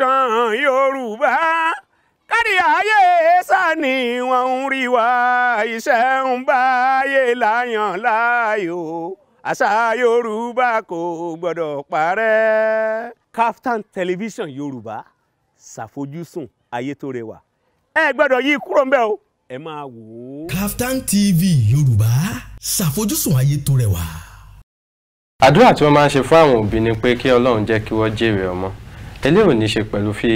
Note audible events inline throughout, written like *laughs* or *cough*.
tẹ̀sán yorùbá kárí ayé sani wọn ń rí wa iṣẹ́ ń bá láyàn láàyò àṣà yorùbá kò gbọ́dọ̀ parẹ́. Kaftan television yorùbá ṣàfojúsùn ayé tó rẹwà ẹ gbọ́dọ̀ yí kúrò ń o ẹ máa wò ó. Kaftan TV yorùbá ṣàfojúsùn ayé tó rẹwà àdúrà tí wọ́n máa ń ṣe fún àwọn òbí ni pé kí Ọlọ́run jẹ́ kí wọ́n jèrè ọmọ eléyìí ò ní ṣe pẹ̀lú fi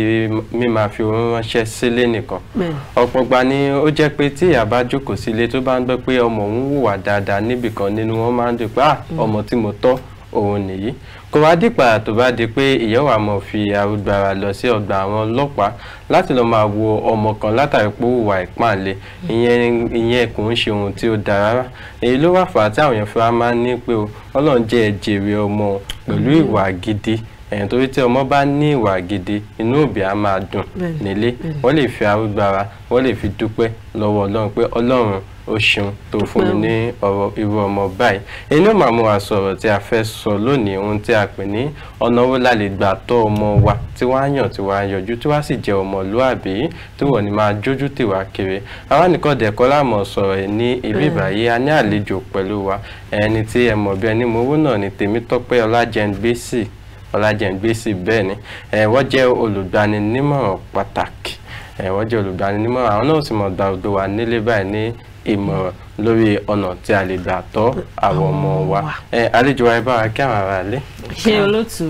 mímáa fi oorun ránṣẹ́ sílé nìkan ọ̀pọ̀ gba ni ó jẹ́ pé tí ìyá bá jókòó sílé tó bá ń gbọ́ pé ọmọ òun hùwà dáadáa níbìkan nínú wọn máa ń dùn pé mm. ọmọ tí mo tọ́ òun nìyí kò wá dìpà tó bá di pé ìyá wa mọ̀ fi arúgbára lọ sí ọgbà àwọn ọlọ́pàá láti lọ́ọ́ máa wo ọmọ kan látàrí pé ó wà ìpànlé ìyẹn kò ń ṣe ohun tí ó dára rárá èyí ló wà fà á tí àwọn èèyàn fi máa ń ní pé ọlọ́run jẹ́ ẹ jèrè ọmọ pẹ̀lú mm. ìwà gidi ẹ̀yìn torí tí ọmọ bá ní ìwà gidi inú òbí á máa dùn nílé wọ́n lè fi arúgbára wọ́n lè fi dúpẹ́ lọ́wọ́ ọlọ́run pé ọlọ́run ó ṣeun tó fún mi ní ọ̀rọ̀ irú ọmọ báyìí inú màmú wa sọ̀rọ̀ tí a fẹ́ sọ lónìí ohun tí a pè ní ọ̀nà wo la lè gbà tọ́ ọmọ wa tí wọ́n á yàn tí wọ́n á yọjú tí wọ́n á sì jẹ́ ọmọlúàbí tí wọ́n ní máa jójú tì kiri àwa nìkan dẹ̀kọ́ láàmú sọ̀rọ̀ ẹ̀ ní ibi ìbàyí a ní àlejò pẹ̀lú wa ẹni tí ẹ mọ̀ bí ẹni mowó náà ni Tèmítọ́pẹ́ Ọlájẹ́ngbésì ọlájẹ̀ngbèsì bẹ́ẹ̀ ni wọ́n jẹ́ olùgbaninímọ̀ràn pàtàkì wọ́n jẹ́ olùgbaninímọ̀ràn àwọn náà sì mọ̀ gba òdo wa nílé báyìí ní ìmọ̀ràn lórí ọ̀nà tí a lè gbà tọ́ àwọn ọmọ wa àlejò wa ẹ bá wa kí àwọn ará ilé. ṣé olóòtú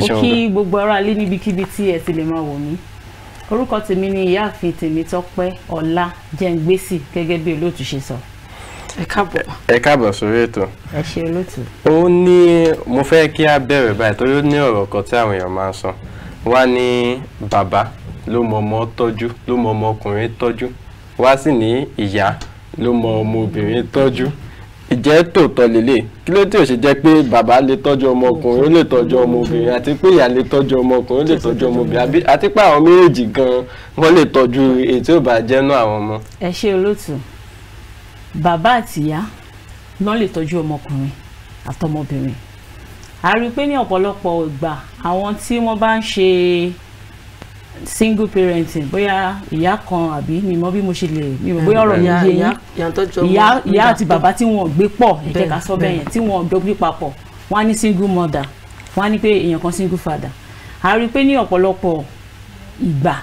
mo kí gbogbo ará ilé níbikíbi tí ẹ ti lè máa wò mí orúkọ tèmi ni ìyáàfin tèmítọ́pẹ́ ọlá jẹ́ngbèsì gẹ́gẹ́ bí olóòtú ṣe sọ ẹ káàbọ̀ ẹ káàbọ̀ sórí ètò. ẹ ṣe olóòtú. ó ní mo fẹ́ kí a bẹ̀rẹ̀ báyìí torí ó ní ọ̀rọ̀ kan tí àwọn èèyàn máa ń sọ wá ní bàbá ló mọ ọmọ tọ́jú ló mọ ọmọ ọkùnrin tọ́jú wá sì ní ìyá ló mọ ọmọ obìnrin tọ́jú ìjẹ́ tòótọ́ lélẹ̀ kí ló tí ò ṣe jẹ́ pé bàbá lè tọ́jú ọmọkùnrin ó lè tọ́jú ọmọbìnrin àti pé ìyá lè tọ́jú ọmọkùnrin ó lè tọ́jú ọmọbìnrin àti pé àwọn méjèèjì gan wọ́n lè tọ́jú èyí tí náà àwọn ọmọ. ẹ ṣe olóòtú bàbá àtìyá náà lè tọ́jú ọmọkùnrin àtọmọbìnrin a rí i pé ní ọ̀pọ̀lọpọ̀ ìgbà àwọn tí wọ́n bá ń ṣe single parenting bóyá ìyá kan àbí mi mọ̀ bí mo ṣe lè mi mọ̀ bóyá ọ̀rọ̀ mi yé yín ìyá àti bàbá tí wọ́n gbé pọ̀ ẹ jẹ́ ká sọ bẹ́ẹ̀ yẹn tí wọ́n gbé papọ̀ wọ́n á ní single mother wọ́n á ní pé èèyàn kan single father a rí i pé ní ọ̀pọ̀lọpọ̀ ìgbà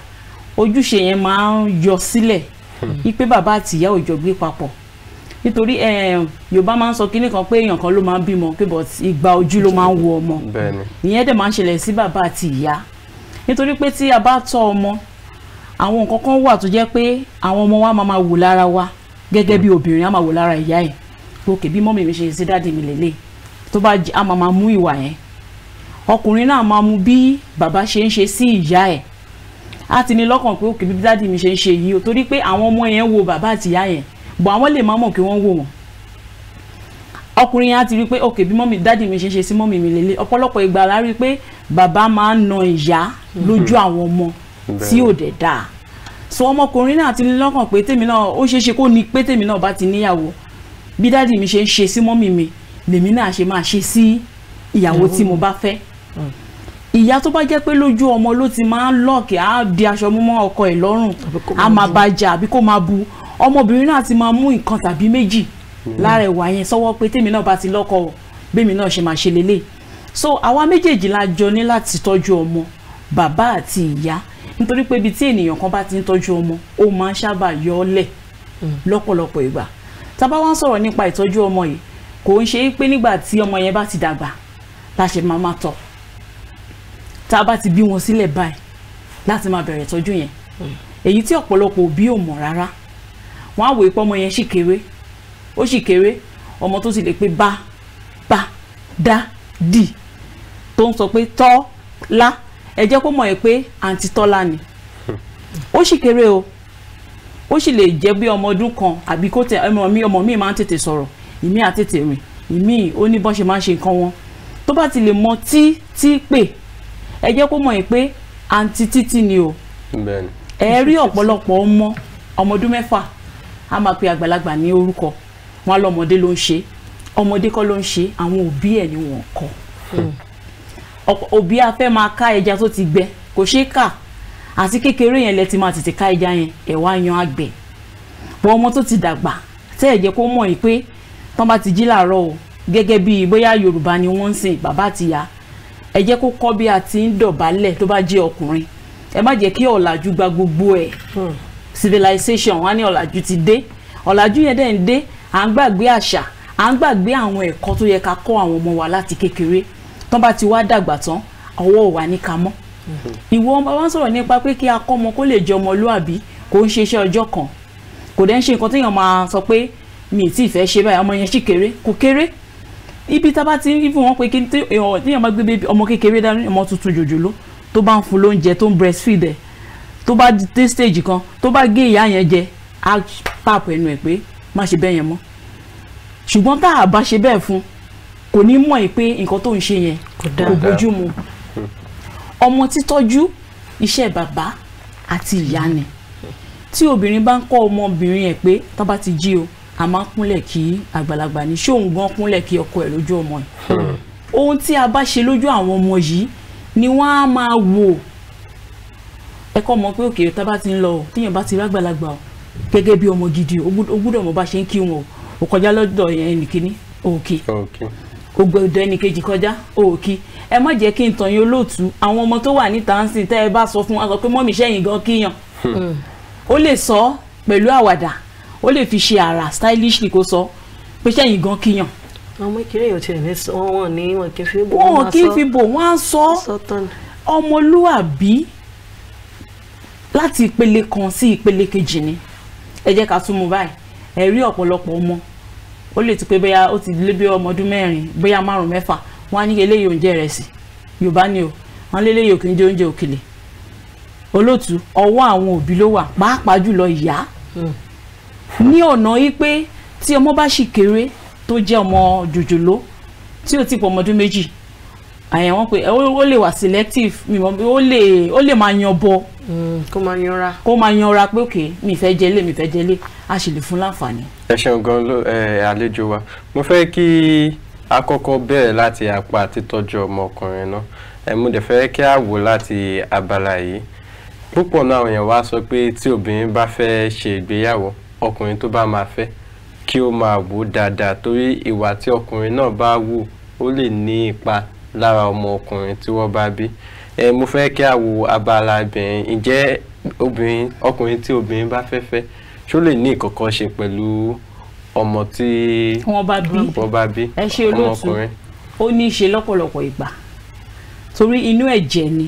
ojúṣe yẹn máa ń yọ sílẹ̀ hmm. wípé bàbá àti ìyá ò jọ gbé papọ̀ nítorí eh, yorùbá máa ń sọ kinní kan pé èèyàn kan ló máa ń bímọ pé but ìgbà ojú ló máa ń wo ọmọ ìyẹn dẹ̀ máa ń ṣẹlẹ̀ sí bàbá àti ìyá nítorí pé tí a bá tọ́ ọmọ àwọn nǹkan kan wà tó jẹ́ pé àwọn ọmọ wa máa wò lára wa gẹ́gẹ́ bí obìnrin á máa wò lára ìyá ẹ̀ òkè bí mọ́mì mi ṣe sí dáàdì mi lélẹ̀ tó bá a máa máa mú ìwà yẹn ọkùnrin náà máa mú bí bàbá ṣe ń ṣe sí ìyá ẹ̀ á ti ní lọ́kàn pé òkè bí dáàdì mi ṣe ń ṣe yìí o torí pé àwọn ọmọ yẹn wo bàbá àti ìyá yẹn bọ̀ àwọn lè má mọ̀ kí wọ́n wò wọ́n ọkùnrin yẹn á ti rí i pé ok bí mọ́mì dáàdì mi ṣe ṣe sí mọ́mì mi lélẹ̀ ọ̀pọ̀lọpọ̀ ìgbà la rí i pé bàbá máa ń na ìyá lójú hmm. àwọn ọmọ tí ò dẹ̀ dáa so ọmọkùnrin náà ti ní lọ́kàn pé tèmi náà ó ṣeé ṣe kó ní pé tèmi náà bá ti níyàwó bí dáàdì mi ṣe ń ṣe sí mọ́mì mi lèmi náà ṣe máa ṣe sí ìyàwó tí mo bá fẹ́ hmm. ìyá tó bá jẹ́ pé lójú ọmọ ló ti máa ń lọ́ọ̀kì á di aṣọ mọ́mọ́ ọkọ ẹ̀ lọ́rùn á máa bá àbí kó máa bu ọmọbìnrin náà ti máa mú nǹkan tàbí méjì hmm. lára ẹ̀wà yẹn sọ́wọ́ pé tèmi náà bá ti lọ́kọ bẹ́mi náà ṣe máa ṣe lélẹ̀ so àwa méjèèjì la jọ ní láti tọ́jú ọmọ bàbá àti ìyá nítorí pé ibi tí ènìyàn kan bá ti ń tọ́jú ọmọ ó máa ń sábà yọ ọ́ lẹ̀ hmm. lọ́pọ̀lọpọ̀ ìgbà tá bá wá ń sọ̀rọ̀ nípa ìtọ́jú ọmọ yìí kò ń ṣe pé nígbà tí ọmọ yẹn bá ti dàgbà la máa máa tọ́ tá a bá ti bí wọn sílẹ̀ báyìí láti máa bẹ̀rẹ̀ ìtọ́jú yẹn hmm. èyí tí ọ̀pọ̀lọpọ̀ òbí ò mọ̀ rárá wọ́n á wò pé ọmọ yẹn sì kéré ó sì kéré ọmọ tó sì lè pé bá bá da, di, tó ń sọ pé tọ́lá ẹ jẹ́ kó mọ̀ ẹ́ pé àǹtí tọ́lá ni ó sì kéré o ó sì lè jẹ́ bí ọmọ ọdún kan àbí kó tẹ ọmọ mi ọmọ mi máa ń tètè sọ̀rọ̀ ìmí àtètè rìn ìmí ó ní bọ́n ṣe máa ń ṣe nǹkan wọn tó bá ti lè mọ tí tí pè ẹ jẹ́ kó mọ̀ ẹ́ pé àǹtí títí ni o ẹ rí ọ̀pọ̀lọpọ̀ ọmọ ọmọ ọdún mẹ́fà a máa pe àgbàlagbà ní orúkọ wọn lọmọdé ló ń ṣe ọmọdé kọ́ ló ń ṣe àwọn òbí ẹ̀ ni wọ́n kọ́ hmm. òbí a fẹ́ máa ká ẹja tó ti gbẹ kò ṣeé kà àti kékeré yẹn lẹ ti máa tètè ká ẹja yẹn ẹ̀ wá yan àgbẹ̀ wọ́n ọmọ tó ti dàgbà tẹ́ ẹ̀ jẹ́ kó mọ̀ yìí pé tán bá ti jí làárọ̀ o gẹ́gẹ́ bí bóyá Yorùbá ni wọ́n ń sìn bàbá àti ìyá ẹ jẹ́ kó kọ́ bí a ti ń dọ̀bálẹ̀ tó bá jẹ́ ọkùnrin ẹ má jẹ́ kí ọ̀làjú gba gbogbo ẹ̀ hmm civilization wọn á ní ọ̀làjú ti dé ọ̀làjú yẹn dẹ̀ ń dé à ń gbàgbé àṣà à ń gbàgbé àwọn ẹ̀kọ́ tó yẹ ká kọ́ àwọn ọmọ wa láti kékeré tán bá ti wá dàgbà tán ọwọ́ wa ní ká mọ́ ìwọ ọmọ wa ń sọ̀rọ̀ nípa pé kí akọ́mọ kó lè jẹ ọmọlúàbí kò ń ṣe iṣẹ́ ọjọ́ kan kò dẹ̀ ń ṣe nǹkan téèyàn máa sọ pé mi ì tí ì fẹ́ ṣe báyìí ọmọ yẹn sì kéré kò kéré ibi tá bá ti ń fún wọn pé kí téèyàn máa gbé ọmọ kékeré dání ọmọ tuntun jòjòló tó bá ń fún lóúnjẹ tó ń breastfeed ẹ̀ tó bá dé stage kan tó bá gé ìyá yẹn jẹ á pààpọ̀ ẹnu ẹ̀ pé má ṣe bẹ́ẹ̀ yẹn mọ́ ṣùgbọ́n tá a bá ṣe bẹ́ẹ̀ fún kò ní mọ̀ ẹ́ pé nǹkan tó ń ṣe yẹn kò bójú mu ọmọ títọ́jú iṣẹ́ bàbá àti ìyá ni tí obìnrin bá ń kọ́ ọmọbìnrin ẹ̀ pé tó bá ti jí o a máa ń kúnlẹ̀ kí àgbàlagbà ní ṣé òun gan kúnlẹ̀ kí ọkọ ẹ̀ lójú ọmọ ẹ̀ hmm. ohun tí a bá ṣe lójú àwọn ọmọ yìí ni wọ́n á máa wò ẹ kọ́ mọ̀ pé òkè tá bá ti ń lọ o téèyàn bá ti rí àgbàlagbà o gẹ́gẹ́ bí ọmọ gidi o gbúdọ̀ mọ̀ bá ṣe ń kí wọn o ò kọjá lọ́dọ̀ ẹnìkíní òkè o gbọ́dọ̀ ẹnìkejì kọjá òkè ẹ má jẹ́ kí n tàn yín olóòtú àwọn ọmọ tó wà níta ń sìn tẹ́ ẹ bá sọ fún wọn sọ pé mọ́mí sẹ́yìn gan kíyàn ó hmm. lè sọ pẹ̀lú àwàdà ó lè fi ṣe àrà stylishly kó sọ pé sẹ́yìn gan kíyàn ọmọ ìkéré yóò tiẹ̀ ní sọ wọn ní wọn kì í fi bò wọn á sọ ọmọlúwàbí láti ìpele kan sí ìpele kejì ni ẹ jẹ́ ká tún mú báyìí ẹ rí ọ̀pọ̀lọpọ̀ ọmọ ó lè ti pé bóyá ó ti lé bí ọmọ ọdún mẹ́rin bóyá márùn mẹ́fà wọ́n á ní eléyìí oúnjẹ rẹ̀ sí yorùbá ni o wọ́n lé eléyìí òkè oúnjẹ òkèlè olóòtú ọwọ́ àwọn òbí ló wà pàápàá jùlọ ìyá hmm. ní ọ̀nà yìí pé tí ọmọ bá ṣì kéré tó jẹ́ ọmọ jòjòló tí ó ti pọ̀ ọmọ ọdún méjì àyẹ̀wọ́n pé ó lè wà selective ó lè ó lè máa yan bọ Mm, kó máa yanra. kó máa yanra pé òkè mi fẹ́ jẹlé mi fẹ́ jẹlé a sì lè fún láǹfààní. ẹ ṣeun gan ló àlejò wa mo fẹ́ kí a kọ́kọ́ bẹ̀rẹ̀ láti apá títọ́jú ọmọkùnrin náà ẹ mo dẹ̀ fẹ́ kí a wò láti abala yìí púpọ̀ náà àwọn èèyàn wá sọ pé tí obìnrin bá fẹ́ ṣe ìgbéyàwó ọkùnrin tó bá máa fẹ́ kí ó máa wò dáadáa torí ìwà tí ọkùnrin náà bá wù ó lè ní ipa lára ọmọ ọkùnrin tí wọ́n bá bí ẹ mo fẹ́ kí a wo abala ibẹ̀yẹn ǹjẹ́ obìnrin ọkùnrin tí obìnrin bá fẹ́ fẹ́ ṣó lè ní ìkọ̀kọ̀ ṣe pẹ̀lú ọmọ tí wọ́n bá bí ọmọkùnrin. ó ní í ṣe lọ́pọ̀lọpọ̀ ìgbà torí inú ẹ̀jẹ̀ ni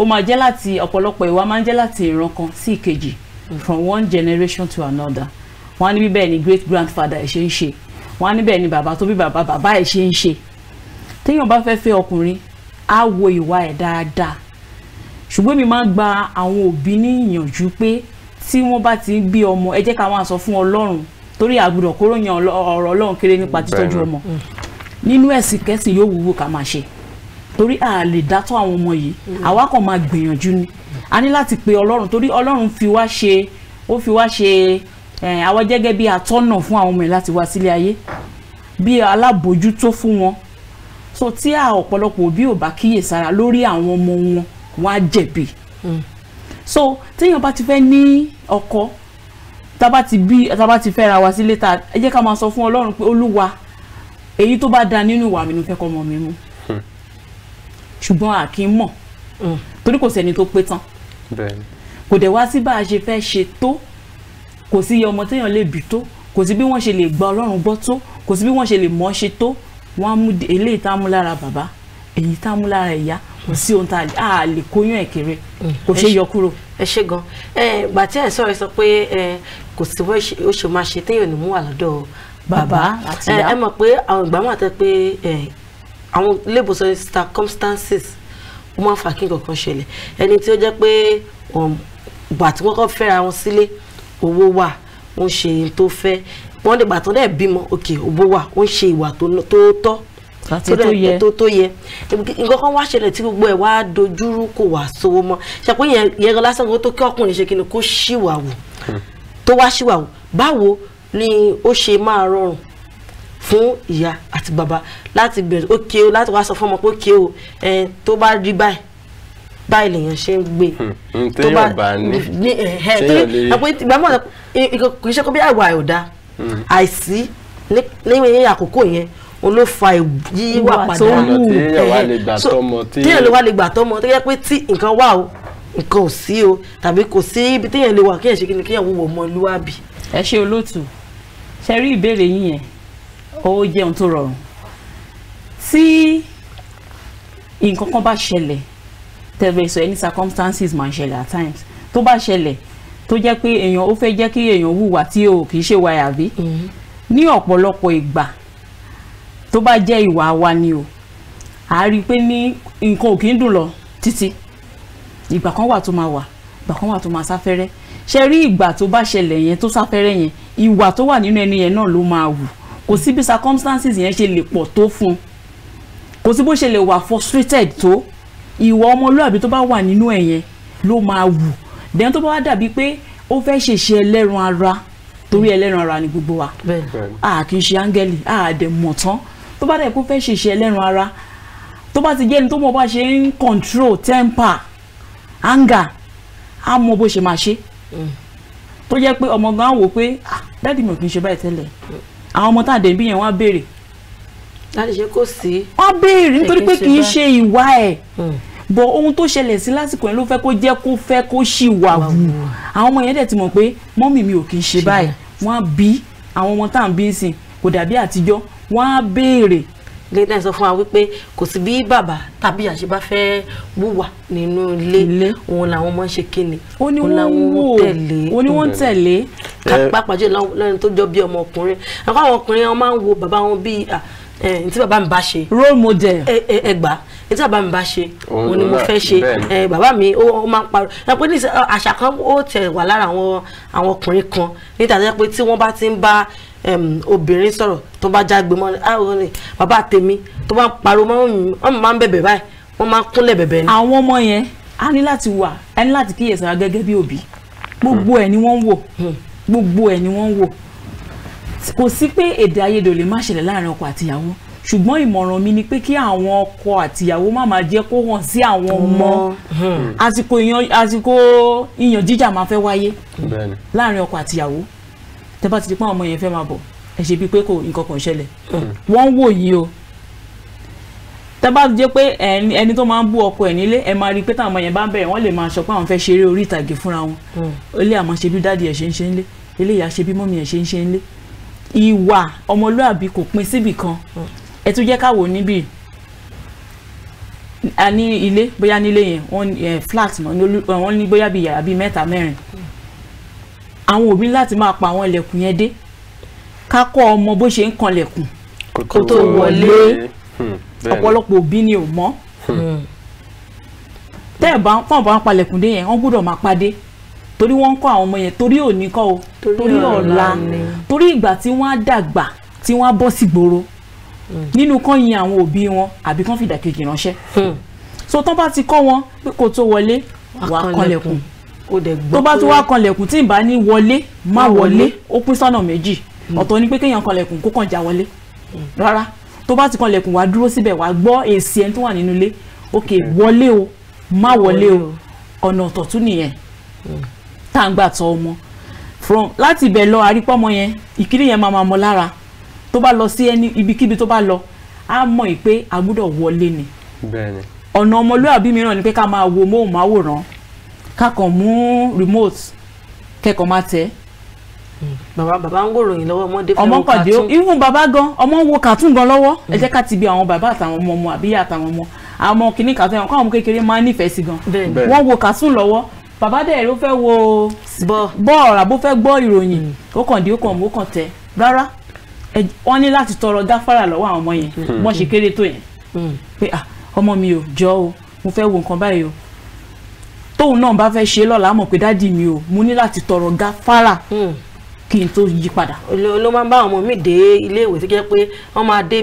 ó máa jẹ́ láti ọ̀pọ̀lọpọ̀ ìwà máa ń jẹ́ láti ìran kan sí ìkejì from one generation to another wọ́n á ní bíbẹ̀ ni great grandfather ẹ̀ ṣe ń ṣe wọ́n á níbẹ̀ ni bàbá tó bàbá bàbá ẹ̀ ṣe ń ṣe téèyàn bá fẹ́ fẹ́ ọkùnrin á wo ìwà ẹ̀ dáadáa ṣùgbọ́n mi máa ń gba àwọn òbí ní ìyànjú pé tí wọ́n bá ti ń bí ọmọ ẹ jẹ́ ká máa sọ fún ọlọ́run torí àgùdọ̀ kóró yan ọ̀rọ̀ ọlọ́run kéré nípa títọ́jú ọmọ nínú ẹ̀sìn kẹ́sìn yóò wúwo ká máa ṣe torí a lè dátọ́ àwọn ọmọ yìí àwa kàn máa gbìyànjú ni a ní láti pe ọlọ́run torí ọlọ́run fi wá ṣe ó fi wá ṣe àwọn jẹ́gẹ́ bí atọ́nà fún àwọn ọmọ yìí láti wá sílé ayé bí alábòójútó fún wọn so tí a ọ̀pọ̀lọpọ̀ òbí ò bá kíyèsára lórí àwọn ọmọ wọn wọn á jẹ̀bi hmm. so téèyàn bá ti fẹ́ ní ọkọ tá bá ti bí tá bá ti fẹ́ra wa sílé ta ẹ jẹ́ ká máa sọ fún Ọlọ́run pé Olúwa èyí tó bá da nínú ìwà mi ló fẹ́ kọ́ ọmọ mi mú hmm. ṣùgbọ́n a kì í mọ̀ hmm. torí kò sẹ́ni tó pé tán kò dẹ̀ wá sí bá a ṣe fẹ́ ṣe tó kò sí iye ọmọ téèyàn lè bí tó kò sí bí wọ́n ṣe lè gba Ọlọ́run gbọ́ tó kò sí bí wọ́n ṣe lè mọ̀ ṣe tó wọ́n á mú eléyìí tá a mú lára bàbá èyí tá a mú lára ìyá kò sí ohun tá a lè kóyún ẹ̀ kéré mm. kò ṣe yọ kúrò. ẹ ṣe gan ẹ gbà tí ẹ sọ ẹ sọ pé ẹ kò sí bó o ṣe máa ṣe téèyàn ní mú wà bàbá ẹ mọ̀ pé àwọn ìgbà máa tẹ pé àwọn labour circumstances ó máa ń fà kí nǹkan kan ṣẹlẹ̀ ẹni tí ó jẹ́ pé ìgbà tí wọ́n kọ́ fẹ́ra wọn sílé owó wà ń ṣe tó fẹ́ wọ́n dìgbà tó dẹ̀ bímọ òkè òbó wa ó ń ṣe ìwà tó tọ́ àti tó yẹ tó tó yẹ nǹkan kan wá ṣẹlẹ̀ tí gbogbo ẹ̀ wá dojúrú kò wá sówó mọ́ ṣàpé yẹn gan lásán tó kí ọkùnrin ṣe kíni kó ṣìwàwù tó wá ṣìwàwù báwo ni ó ṣe máa rọrùn fún ìyá àti bàbá láti bẹ̀rẹ̀ ó ké o láti wá sọ fún ọmọ pé ó ké o ẹ tó bá rí báyìí báyìí lèèyàn ṣe ń gbé hmm, tó bá ní ẹ ẹ tó àpò ìgbà mọ̀ ṣe kó bí àìwà ẹ̀ ò àìsí ní àkókò yẹn òun ló fa yíwà padà díẹ̀ ló wà lè gbà tọ́mọ tó yẹ pé tí nǹkan wà o nǹkan ò sí o tàbí kò sí ibi téèyàn lè wà kéèyàn ṣe kíni kéèyàn wúwo ọmọlúwàbí. ẹ ṣe olóòtú ṣe rí ìbéèrè yín yẹn ó jẹun tó rọrùn tí nǹkan kan bá ṣẹlẹ̀ tẹ̀lé sọ any circumstances máa ń ṣẹlẹ̀ at times tó bá ṣẹlẹ̀ tó jẹ́ pé èèyàn ó fẹ́ jẹ́ kí èèyàn hùwà tí o kì í ṣe wa àbí mm-hmm. ní ọ̀pọ̀lọpọ̀ ìgbà tó bá jẹ́ ìwà wa ni o à á rí i pé ní nǹkan ò kì í dùn lọ títí ìgbà kan wà tó máa wà ìgbà kan wà tó máa sáfẹ́rẹ́ ṣe rí ìgbà tó bá ṣẹlẹ̀ yẹn tó sáfẹ́rẹ́ yẹn ìwà tó wà nínú ẹni yẹn náà ló máa wù kò sí bí circumstances yẹn ṣe lè pọ̀ tó fún un kò sí bó ṣe lè wà frustrated tó ìwà ọmọlúàbí tó bá wà nínú ẹ̀ ló máa wù then tó bá wá dàbí pé ó fẹ́ ṣèṣe ẹlẹ́ran ara torí ẹlẹ́ran ara ni gbogbo wa a kì í ṣe áńgẹ́lì a dẹ̀ mọ̀ tán tó bá dẹ̀ kó fẹ́ ṣèṣe ẹlẹ́ran ara tó bá ti jẹ́ ẹni tó mọ̀ bá ṣe ń control temper anger a mọ bó ṣe máa ṣe mm. tó jẹ́ pé ọmọ gan wò pé ah, dáàdì mi ò kì í ṣe báyìí tẹ́lẹ̀ mm. àwọn ọmọ tá à dẹ̀ bí yẹn wọ́n á béèrè. láti ṣe kò sí. wọ́n á béèrè nítorí pé kì í ṣe ìwà ẹ̀. Mm bọ̀ ohun tó ṣẹlẹ̀ sí lásìkò yẹn ló fẹ́ kó jẹ́ kó fẹ́ kó ṣì wà wù àwọn ọmọ yẹn dẹ̀ ti mọ̀ pé mọ́mì mi ò kì í ṣe báyìí wọ́n á bí àwọn ọmọ tá à ń bí sìn kò dàbí àtijọ́ wọ́n á béèrè lẹ́yìn náà sọ fún wa wípé kò sí bí bàbá tàbí àṣẹ bá fẹ́ wúwà nínú ilé òun làwọn ọmọ ń ṣe kíni òun làwọn ọmọ tẹ̀lé òun ni wọ́n tẹ̀lé. pàápàá jù lẹ́nu tó jọ bí ọmọkùnrin àwọn ọkùnrin wọn máa ń wo bàbá wọn bíi ẹ eh, tí bàbá mi bá ṣe. role model. ẹ ẹ ẹ gbà ẹ tí bàbá mi bá ṣe òun ni mo fẹ́ ṣe ẹ eh, bàbá mi ó máa ń parọ́ ẹ pé ní àṣà kan ó tẹ̀ wà lára àwọn àwọn ọkùnrin kan níta tó yẹ pé tí wọ́n bá ti ń bá obìnrin sọ̀rọ̀ tó bá jágbe mọ́ àwọn ah, ni bàbá tèmi tó bá ń parọ́ wọ́n máa ń bẹ̀bẹ̀ báyìí wọ́n máa ń kúnlẹ̀ bẹ̀bẹ̀ ni. àwọn ọmọ yẹn a ní láti wà a ní láti kíyèsára gẹ́gẹ́ bí òbí gbogbo ẹ̀ ni wọ́n ń wò hmm. gbogbo ẹ̀ ni wọ́n wò kò sí pé èdè àìyedè ò lè má ṣẹlẹ̀ láàrin ọkọ àtìyàwó ṣùgbọ́n ìmọ̀ràn mi ni pé kí àwọn ọkọ àtìyàwó má máa jẹ́ kó hàn sí àwọn ọmọ hmm. àsìkò ìyàn jíjà máa fẹ́ wáyé láàrin ọkọ àtìyàwó tẹ́ bá ti di pé àwọn ọmọ yẹn fẹ́ máa bọ̀ ẹ ṣe bíi pé kò nǹkan kan ṣẹlẹ̀ hmm. wọ́n ń wò yìí o tẹ́ bá jẹ́ pé ẹni tó máa ń bú ọkọ ẹ̀ nílé ẹ máa rí i pé táwọn ọmọ yẹn bá ń bẹ̀rẹ̀ wọ́n lè máa sọ pé àwọn fẹ́ ṣeré orí ìtàgé fúnra wọn ó lé àmọ́ ṣe bí dáàdi ẹ̀ ṣe ń ṣe ń lé eléyà ṣe bí mọ́mí ẹ̀ ṣe ń ṣe ń lé ìwà ọmọlúàbí kò pín síbì kan hmm. ẹ tún jẹ́ ká wò níbí a ní ilé bóyá nílé yẹn wọ́n eh, flat náà wọ́n ní bóyá bíi yàrá bíi mẹ́ta mẹ́rin àwọn òbí láti máa pa àwọn ilẹ̀kùn yẹn dé ká kọ́ ọmọ bó ṣe ń kanlẹ̀kùn kó tó wọlé hmm, ọ̀pọ̀lọpọ̀ òbí ni ò mọ̀ hmm. tẹ́ ẹ̀ bá ń palẹ̀kùn dé yẹn wọ́n gbọ́dọ̀ máa pa dé torí wọ́n ń kọ́ àwọn ọmọ yẹn torí òní kọ́ o torí ọ̀la torí ìgbà tí wọ́n á dàgbà tí wọ́n á bọ́ sí gbòòrò hmm. nínú kán yin àwọn òbí wọn àbí kán fìdà kejì ránṣẹ́ hmm. so tán bá ti kọ́ wọn pé kó tó wọlé wàá kanlẹ̀kùn tó bá tún wàá kanlẹ̀kùn tí ì bá ní wọlé má wọlé ó pín sọ́nà méjì hmm. ọ̀tọ̀ ni pé kéèyàn kanlẹ̀kùn kó kàn já wọlé rárá tó bá ti kanlẹ̀kùn wàá dúró síbẹ̀ wàá gbọ́ èsì ẹni tó wà nínú ilé ok wọlé o má wọlé o ọ̀nà ọ̀tọ̀ tún nìyẹn tá à ọmọ from láti ibẹ̀ lọ àrípọ́mọ yẹn ìkíní yẹn máa máa mọ lára tó bá lọ sí ẹni ibikíbi tó bá lọ á mọ̀ ì pé a gbọ́dọ̀ wọlé ni ọ̀nà ọmọlúwàbí mìíràn ni pé ká máa wo móhùnmáwòrán ká kàn mú remote kẹ́kọ̀ọ́ máa tẹ̀ hmm. bàbá bàbá ń wòròyìn lọ́wọ́ ọmọdé fẹ́ wo cartoon ọmọ even bàbá gan ọmọ ń wo cartoon gan lọ́wọ́ ẹ hmm. jẹ́ ká ti bi àwọn bàbá àtàwọn ọmọ ọmọ àbíyá àtàwọn ọmọ àmọ́ kìíní cartoon ẹ̀wọ̀n káwọn ọmọ kékeré máa nífẹ̀ẹ́ sí gan wọ́n wo cartoon lọ́wọ́ bàbá dẹ̀ ló fẹ́ wo bọ́ọ̀ àbó fẹ́ gbọ́ ìròyìn hmm. ó kàn dé ó kàn mú ó kàn tẹ rárá wọ́n ní láti tọrọ gáfárà lọ́wọ́ àwọn ọmọ yẹn hmm. wọ́n ṣe kéré tó yẹn hmm. pé ah ọmọ mi ò jọ o mo fẹ́ wo nǹkan báyìí o tóun náà bá fẹ́ ṣe lọ́la mọ̀ pé dádì mi o mo ní láti tọrọ gáfárà kí n tó yí padà. ló máa ń bá ọmọ mi dé ilé ìwé tó jẹ́ pé wọ́n máa dé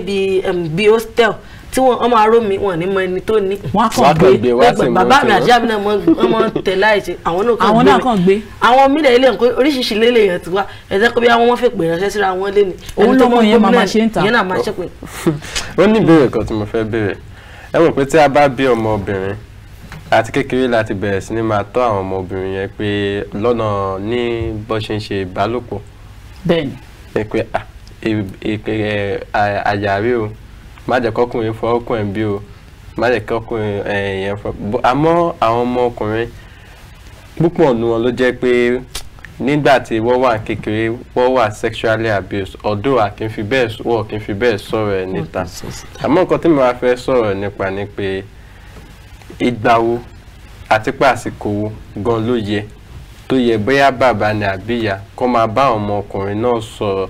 bíi hostel tí wọn ọmọ aró mi wọn ní mọ ẹni tó ní. wọn kàn gbé lẹgbẹ bàbá mi àti àbínà ọmọ tẹ láìsí àwọn náà kàn gbé. àwọn náà kàn gbé. àwọn mílẹ̀ ilé nǹkan oríṣiríṣi lélẹ̀ yẹn ti wá ẹ̀sẹ̀ pé bí àwọn fẹ́ pè ránṣẹ́ síra wọn lé ní. òun ló mọ ìyẹn màmá ṣe ń ta. ìyẹn náà máa ṣe pé. *laughs* ó ní ìbéèrè kan tí mo fẹ́ béèrè ẹ mọ̀ pé tí a bá bí ọmọ obìnrin àti kékeré láti bẹ̀rẹ̀ sí ẹ pé o má jẹ́ kọ́kùnrin fọ ọkùnrin bí o má jẹ́ kọ́kùnrin ẹ̀yẹn eh, fọ àmọ́ àwọn ọmọ ọkùnrin púpọ̀ nu wọn ló jẹ́ pé nígbà tí wọ́n wà kékeré wọ́n wà sexually abused although àkínfi bẹ́ẹ̀ wọ́n kínfi bẹ́ẹ̀ sọ̀rọ̀ ẹ̀ níta àmọ́ nǹkan tí mo máa fẹ́ sọ̀rọ̀ nípa ni pé ìgbà wo àti pé àsìkò wo gan ló yẹ tó yẹ bóyá bàbá ni àbíyá kó máa bá ọmọ ọkùnrin náà sọ̀rọ̀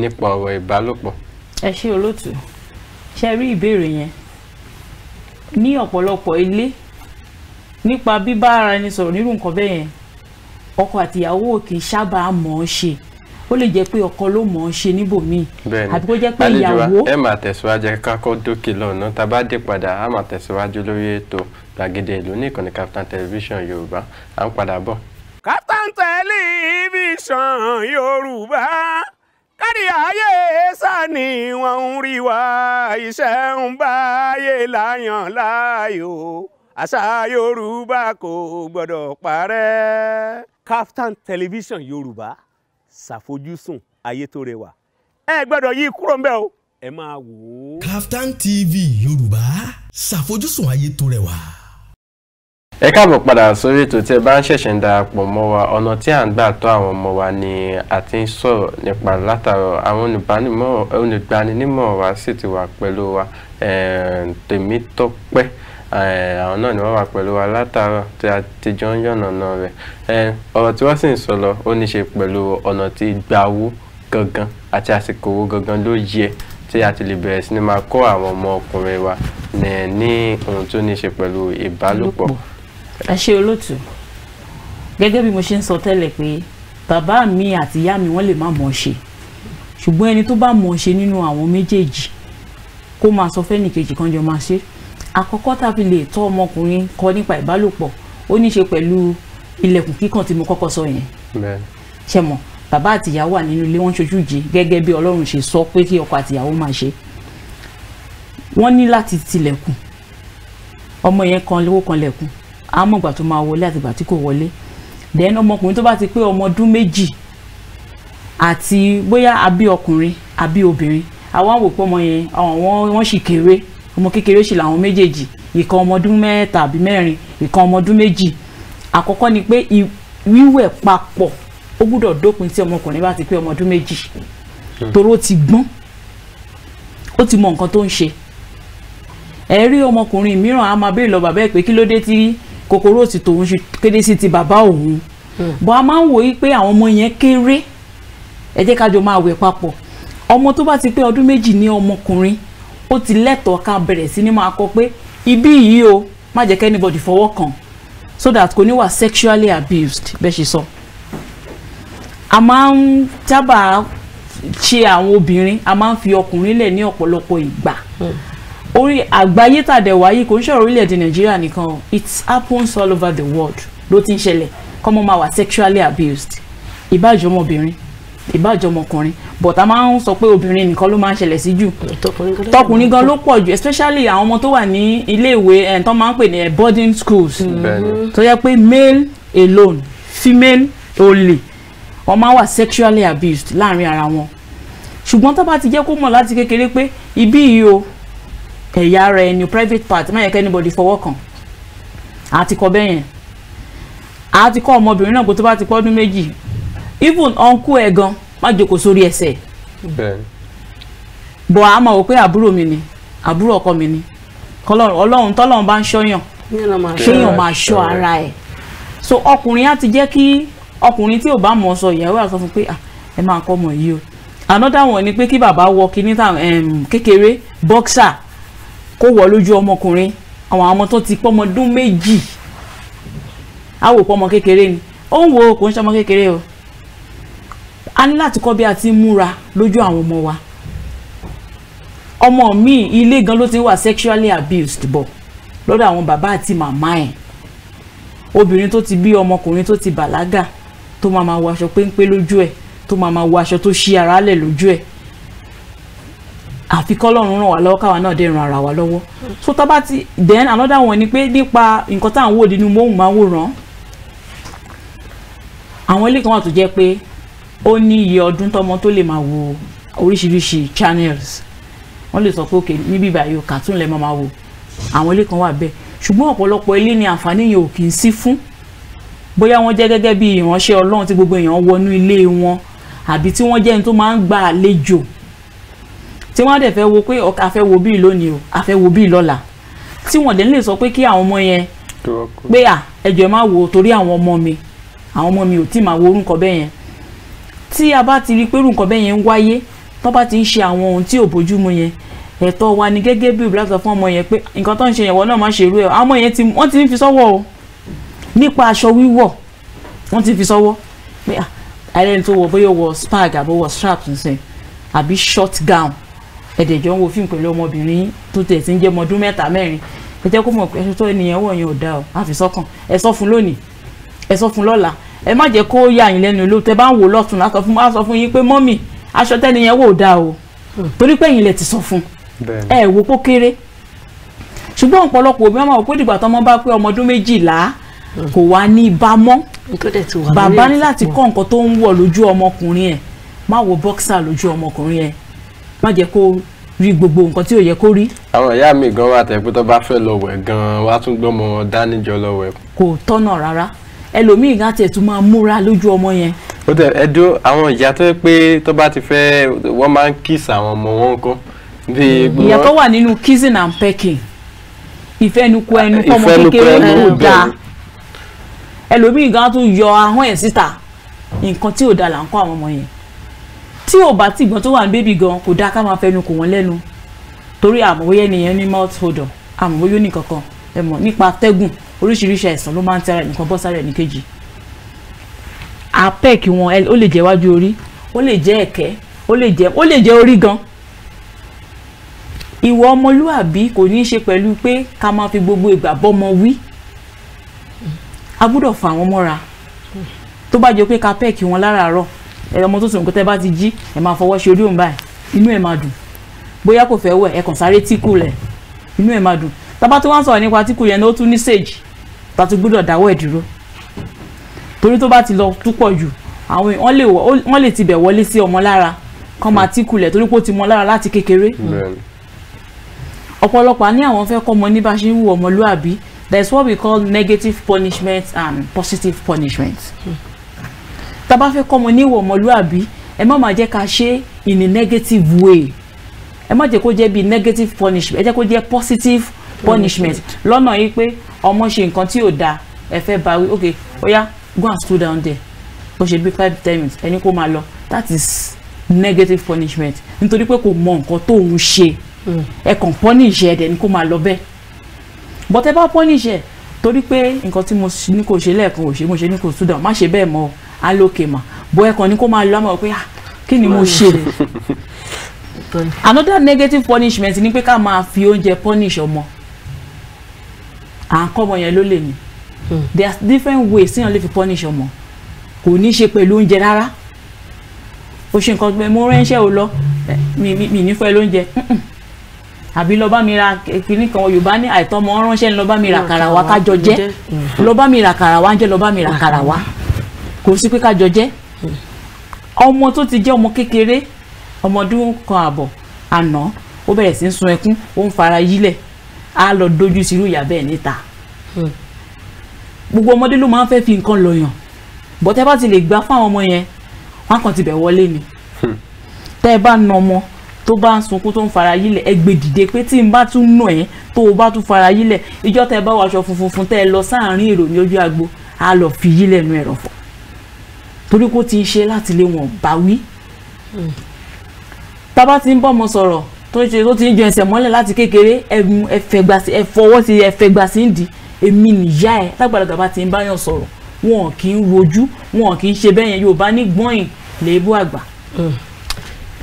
nípa ọ̀rọ̀ ìbálòpọ̀. ẹ ṣé olóòtú ṣe rí ìbéèrè yẹn ní ọ̀pọ̀lọpọ̀ ilé nípa bíbá ara ẹni sọ̀rọ̀ nírú nǹkan bẹ́ẹ̀ yẹn ọkọ àtìyàwó kì í sábà mọ̀ ọ́n ṣe ó lè jẹ́ pé ọkọ ló mọ̀ ọ́n ṣe níbòmíì àbí kó jẹ́ pé ìyàwó. ẹ máa tẹ̀síwájú kákó dókè lọ́nà tá a bá dé padà a máa tẹ̀síwájú lórí ètò gbàgede ìlú ní ìkànnì Kaftan television yorùbá à ń padà bọ̀. Kaftan television yorùbá kárí ayé sani wọn ń rí wa iṣẹ́ ń bá ayé láyàn láàyò àṣà yorùbá kò gbọ́dọ̀ parẹ́. Kaftan television yorùbá ṣàfojúsùn ayé tó rẹwà ẹ gbọ́dọ̀ yí kúrò ń bẹ̀ o ẹ máa wò ó. Kaftan TV yorùbá ṣàfojúsùn ayé tó rẹwà ẹ káàbọ̀ padà sórí ètò tí ẹ bá ń ṣẹ̀ṣẹ̀ ń darapọ̀ mọ́ wa ọ̀nà tí à ń gbà tọ́ àwọn ọmọ wa ni a ti ń sọ̀rọ̀ nípa látàrọ̀ àwọn olùgbaninímọ̀ràn wa sì ti wà pẹ̀lú wa Tèmítọ́pẹ́ àwọn náà ni wọ́n wà pẹ̀lú wa látàárọ̀ tí a ti jọ ń yànnàná rẹ̀ ọ̀rọ̀ tí wọ́n sì ń sọ lọ ó ní ṣe pẹ̀lú ọ̀nà tí ìgbà owó gangan àti àsìkò owó gangan ló yẹ tí a ti lè bẹ̀rẹ̀ sí ni máa kọ́ àwọn ọmọ ọkùnrin wa ní ohun tó ní ṣe pẹ̀lú ìbálòpọ̀ ẹ ṣe olóòtú gẹ́gẹ́ bí mo ṣe ń sọ tẹ́lẹ̀ pé bàbá mi àti ìyá mi wọ́n lè má mọ̀ ọ́ ṣe ṣùgbọ́n ẹni tó bá mọ̀ ọ́ ṣe nínú àwọn méjèèjì kó máa sọ fẹ́nìkejì kan jọ máa ṣe àkọ́kọ́ tá a fi lè tọ́ ọmọkùnrin kọ nípa ìbálòpọ̀ ó ní í ṣe pẹ̀lú ilẹ̀kùn kíkàn tí mo kọ́kọ́ sọ yẹn ṣe mọ̀ bàbá àti ìyá wà nínú ilé wọ́n ṣojú ìjì gẹ́gẹ́ bí ọlọ́run ṣe sọ pé kí ọkọ àti ìyàwó máa ṣe wọ́n ní láti tilẹ̀kùn ọmọ yẹn kan lówó kan lẹ̀kùn á mọ̀ ìgbà tó máa wọlé àti tí kò wọlé then ọmọkùnrin tó bá ti pé ọmọ ọdún méjì àti bóyá àbí ọkùnrin àbí obìnrin àwọn àwò pé ọmọ yẹn àwọn wọn sì kéré ọmọ kékeré sì làwọn méjèèjì ìkan ọmọ ọdún mẹ́ta àbí mẹ́rin ìkan ọmọ ọdún méjì àkọ́kọ́ ni pé wíwẹ̀ papọ̀ ó gbúdọ̀ dópin tí ọmọkùnrin bá ti pé ọmọ ọdún méjì hmm. torí ó ti gbọ́n ó ti mọ nǹkan tó ń ṣe ẹ ọmọkùnrin mìíràn á máa béèrè lọ bàbá ẹ pé kí ló dé kòkòrò òsì tòun ṣe kéde sí ti bàbá òun hmm. bọ́ a máa ń wòye pé àwọn ọmọ yẹn kéré ẹ jẹ́ ká jọ máa wẹ̀ papọ̀ ọmọ tó bá ti pé ọdún méjì ní ọmọkùnrin ó ti lẹ́tọ̀ọ́ ká bẹ̀rẹ̀ sí ni máa kọ pé ibí yìí o má jẹ́ kẹ́ anybody fọwọ́ kàn so that kò ní wà sexually abused bẹ́ẹ̀ ṣe sọ. a máa ń tábà ṣe àwọn obìnrin a máa ń fi ọkùnrin lẹ̀ ní ọ̀pọ̀lọpọ̀ ìgbà. Mm orí àgbáyé tàdé wáyé kò ń ṣọ̀rọ̀ orílẹ̀-èdè nàìjíríà nìkan o it happens all over the world ló ti ń ṣẹlẹ̀ kọ́mọ máa wà sexually abused ìbájọ́ ọmọbìnrin ìbájọ́ ọmọkùnrin but a máa ń sọ pé obìnrin nìkan ló máa ń ṣẹlẹ̀ sí jù tọkùnrin gan ló pọ̀ jù especially àwọn ọmọ tó wà ní iléèwé ẹ̀ tó máa ń pè ní boarding schools mm-hmm. tó yẹ pé male alone female only wọ́n máa wà sexually abused láàrin ara wọn ṣùgbọ́n tó bá ti jẹ́ kó mọ̀ láti kékeré pé ibí yìí o ẹ̀yà ara ẹni private part má yẹ kẹ́ anybody fọwọ́ kàn àti kọ bẹ́ẹ̀ yẹn àti kọ́ ọmọbìnrin náà kó tó bá ti pọ́ ọdún méjì even uncle ẹ̀ gan má jókòó sórí ẹsẹ̀ bọ̀ a máa wò pé àbúrò mi ni àbúrò ọkọ mi ni ọlọ́run tọ́lọ́run bá ń ṣọ́yàn kéèyàn máa ṣọ́ ara ẹ̀ so ọkùnrin á ti jẹ́ kí ọkùnrin tí ò bá mọ̀ sọ ìyàwó àsọ fún pé ah, ẹ máa kọ́ ọmọ yìí o another one ni pé kí bàbá wọ kíní kékeré boxer kó wọ̀ lójú ọmọkùnrin àwọn ọmọ tó ti pọ́mọdún méjì á wò pọ́mọ kékeré ni ó ń wo kò ń ṣọmọ kékeré o a ní láti kọ́ bí a ti múra lójú àwọn ọmọ wa ọmọ mi ilé gan ló ti wà sexually abused bọ̀ lọ́dọ̀ àwọn bàbá àti màmá ẹ̀ obìnrin tó ti bí ọmọkùnrin tó ti bàlágà tó máa ma wọ aṣọ péńpé lójú ẹ̀ tó máa ma wọ aṣọ tó ṣí ara lẹ̀ lójú ẹ̀ àfi kọ́lọ́run ràn wá lọ́wọ́ káwa náà dé ran ara wa lọ́wọ́ so tá ti then another one ni pé nípa nǹkan tá à ń wò nínú móhùnmáwòrán àwọn ilé kan wà tó jẹ́ pé ó ní iye ọdún tọmọ tó lè máa wo oríṣiríṣi channels wọ́n lè sọ pé òkè níbí báyìí cartoon lè máa máa wò àwọn ilé kan wà bẹ́ẹ̀ ṣùgbọ́n ọ̀pọ̀lọpọ̀ ilé ni àǹfààní yẹn ò kì í sí fún bóyá wọ́n jẹ́ gẹ́gẹ́ bí ìránṣẹ́ Ọlọ́run tí gbogbo èèyàn wọnú ilé wọn àbí tí wọ́n jẹ́ ẹni tó máa ń gba àlejò tí wọ́n á dẹ̀ fẹ́ wo pé a fẹ́ wo bíi lónìí o a fẹ́ wo bíi lọ́la tí wọ́n dẹ̀ lè sọ pé kí àwọn ọmọ yẹn pé à ẹjọ́ má wo torí àwọn ọmọ mi àwọn ọmọ mi ò tí máa wo orúkọ bẹ́ẹ̀ yẹn tí a bá ti rí pé orúkọ bẹ́ẹ̀ yẹn ń wáyé tó bá ti ń ṣe àwọn ohun tí ò bójúmu yẹn ẹ̀tọ́ wa ni gẹ́gẹ́ bí òbí láti sọ fún ọmọ yẹn pé nǹkan tó ń ṣe yẹn náà má ṣe irú ẹ̀ àwọn yẹn wọ́n ti ń fi sọ́wọ́ o nípa aṣọ wíwọ̀ wọ́n ti fi sọ́wọ́ pé à ẹni tó wọ bóyá wọ spag àbí wọ straps nsìn àbí short gown ẹ̀dẹ̀ jọ ń wo fíìmù pẹ̀lú ọmọbìnrin tó tẹ̀ sí ń jẹ́ ọmọ ọdún mẹ́ta mẹ́rin ẹ jẹ́ kó mọ̀ pé ẹṣọ́ ènìyàn wọ̀ yẹn ò dáa o á fi sọ́kàn ẹ sọ fún lónìí ẹ sọ fún lọ́la ẹ má jẹ́ kó yà yín lẹ́nu olóòótọ́ ẹ bá ń wò lọ́tún á sọ fún yín pé mọ́mì aṣọ tẹ́ni yẹn wò dáa o hmm. torí pé ẹ̀yin ti sọ fún ẹ wò kó kéré ṣùgbọ́n ọ̀pọ̀lọpọ̀ òbí máa wò pé dìgbà tọ́mọ bá pé ọmọ méjìlá hmm. kò wá ní ibà mọ́ bàbá ní láti kọ́ nǹkan tó ń wọ̀ lójú ọmọkùnrin ẹ̀ má wo bọ́ksà lójú ọmọkùnrin ẹ̀ má jẹ́ kó rí gbogbo nǹkan tí ò yẹ kó rí. àwọn ìyá mi gan wà tẹ pé tó bá fẹ́ lọ wẹ̀ gan wá tún gbọ́mọ wọn dání jọ lọ wẹ̀. kò tọ́nà rárá ẹlòmíì gan tiẹ̀ tún máa múra lójú ọmọ yẹn. ó tẹ ẹdó àwọn ìyá tó yẹ pé tó bá ti fẹ́ wọ́n máa ń kíìsì àwọn ọmọ wọn kọ́. ìyá tó wà nínú kissing and pecking ìfẹnukọ ẹnu fọmọ kékeré ló dáa gan tún yọ ahọ́n ẹ̀ síta nǹkan tí ò dáa là ń kọ́ àwọn ọmọ yẹn tí ò bá tìgbọ́n tó wà ní bébì gan kò dáa ká máa fẹnu kò wọ́n lẹ́nu torí àmọ̀wé ẹnìyẹn ní mouth odor àmọ̀wé yóní kankan ẹ mọ̀ nípa atẹ́gùn oríṣiríṣi àìsàn ló máa ń tẹ́ra ẹnìkan bọ́ sára ẹnìkejì apec wọn ó lè jẹ́ iwájú orí ó lè jẹ́ ẹ̀kẹ́ ó lè jẹ́ ó lè jẹ́ orí gan ìwọ ọmọlúàbí kò ní í ṣe pẹ̀lú pé ká máa fi gbogbo ìgbà bọ́mọ wí a gbúdọ̀ fà wọ́n mọ́ra tó bá jẹ́ pé ká pẹ́ẹ̀kì wọn láràárọ̀ ẹ ọmọ tó sùn nǹkan tẹ́ bá ti jí ẹ máa fọwọ́ ṣe orí òun báyìí inú ẹ máa dùn bóyá kò fẹ́ wẹ̀ ẹ kàn sáré tíkù rẹ̀ inú ẹ máa dùn tábà tó wá ń sọ̀rọ̀ nípa tíkù yẹn ó tún ní sèjì tàtú gbọ́dọ̀ dáwọ́ ẹ̀ dúró torí tó bá ti lọ túpọ̀ jù àwọn wọ́n lè tibẹ̀ wọlé sí ọmọ lára kán máa tíkù rẹ̀ torí pé ó ti mọ lára láti kékeré ọ̀pọ̀lọpọ̀ tá a bá fẹ́ kọ́ ọmọ níwọ̀ ọmọlúàbí ẹ má máa jẹ́ ká ṣe in a negative way ẹ má jẹ́ kó jẹ́ bí negative punishment ẹ jẹ́ kó jẹ́ positive punishment lọ́nà yìí pé ọmọ ṣe nǹkan tí ò da ẹ fẹ́ bá wí ok oya go and stool down there bó ṣe bí five ten ẹni kó máa lọ that is negative punishment nítorí pé kò mọ nǹkan tó ń ṣe hmm. ẹ kàn punish ẹ dẹ̀ ni kó máa lọ bẹ́ẹ̀ but ẹ bá punish ẹ torí pé nǹkan tí mo ní kò ṣe lẹ́ẹ̀kan ò ṣe mo ṣe ní kò stool down má ṣe bẹ́ẹ̀ mọ́ o á lókè mà bó ẹ kàn ní kó máa lọ àmọ́ pé ah, kí ni mo ṣe another negative punishment ni pé ká máa fi oúnjẹ punish ọmọ à ń kọ́ ọmọ yẹn ló lè ní hmm. there are different ways tí èèyàn lè fi punish ọmọ kò ní ṣe pẹ̀lú oúnjẹ rárá o ṣe nǹkan mo ránṣẹ́ o lọ mi ní fẹ́ lóúnjẹ àbí lọ bá mi ra kìíní kan yorùbá ní àìtọ́ ọmọ ránṣẹ́ lọ bá mi ra kàrà wá kájọ jẹ́ hmm. lọ bá mi ra kàrà wá ń jẹ́ lọ bá mi ra kàrà wá kò sí pé ká jọ jẹ́ ọmọ tó ti jẹ́ ọmọ kékeré ọmọ ọdún kan àbọ̀ àná ó bẹ̀rẹ̀ sí ń sun ẹkún ó ń fara yílẹ̀ á lọ dojú sí irú ìyá bẹ́ẹ̀ níta hmm. gbogbo ọmọdé ló máa ń fẹ́ fi nǹkan lọ̀yàn bọ́tẹ́ bá ti lè gbà fáwọn ọmọ yẹn wọn kàn ti bẹ̀ wọlé ni hmm. tẹ́ ẹ bá na ọmọ tó bá ń sunkún tó ń fara yílẹ̀ ẹ gbé dìde pé tí n bá tún nà ẹ́ tó o bá tún fara yílẹ̀ ìjọ́ tẹ́ ẹ bá wọ aṣọ funfun fún tẹ́ ẹ lọ sáàárín èrò ní ojú agbo á lọ fi yílẹ̀ nu ẹ̀rọ̀fọ̀ torí kó ti ṣe láti lé wọn bá wí. tá bá ti ń bọ́ ọmọ sọ̀rọ̀ tó ń ṣe tó ti ń jọ ẹsẹ̀ mọ́lẹ̀ láti kékeré ẹ fẹ̀gbà sí ẹ fọwọ́ sí ẹ fẹ̀gbà sí ń di èmi nìyá ẹ lágbàlagbà bá ti ń báyàn sọ̀rọ̀ wọn kì í rojú wọn kì í ṣe bẹ́ẹ̀ yẹn Yorùbá ní gbọ́yìn lèébú àgbà.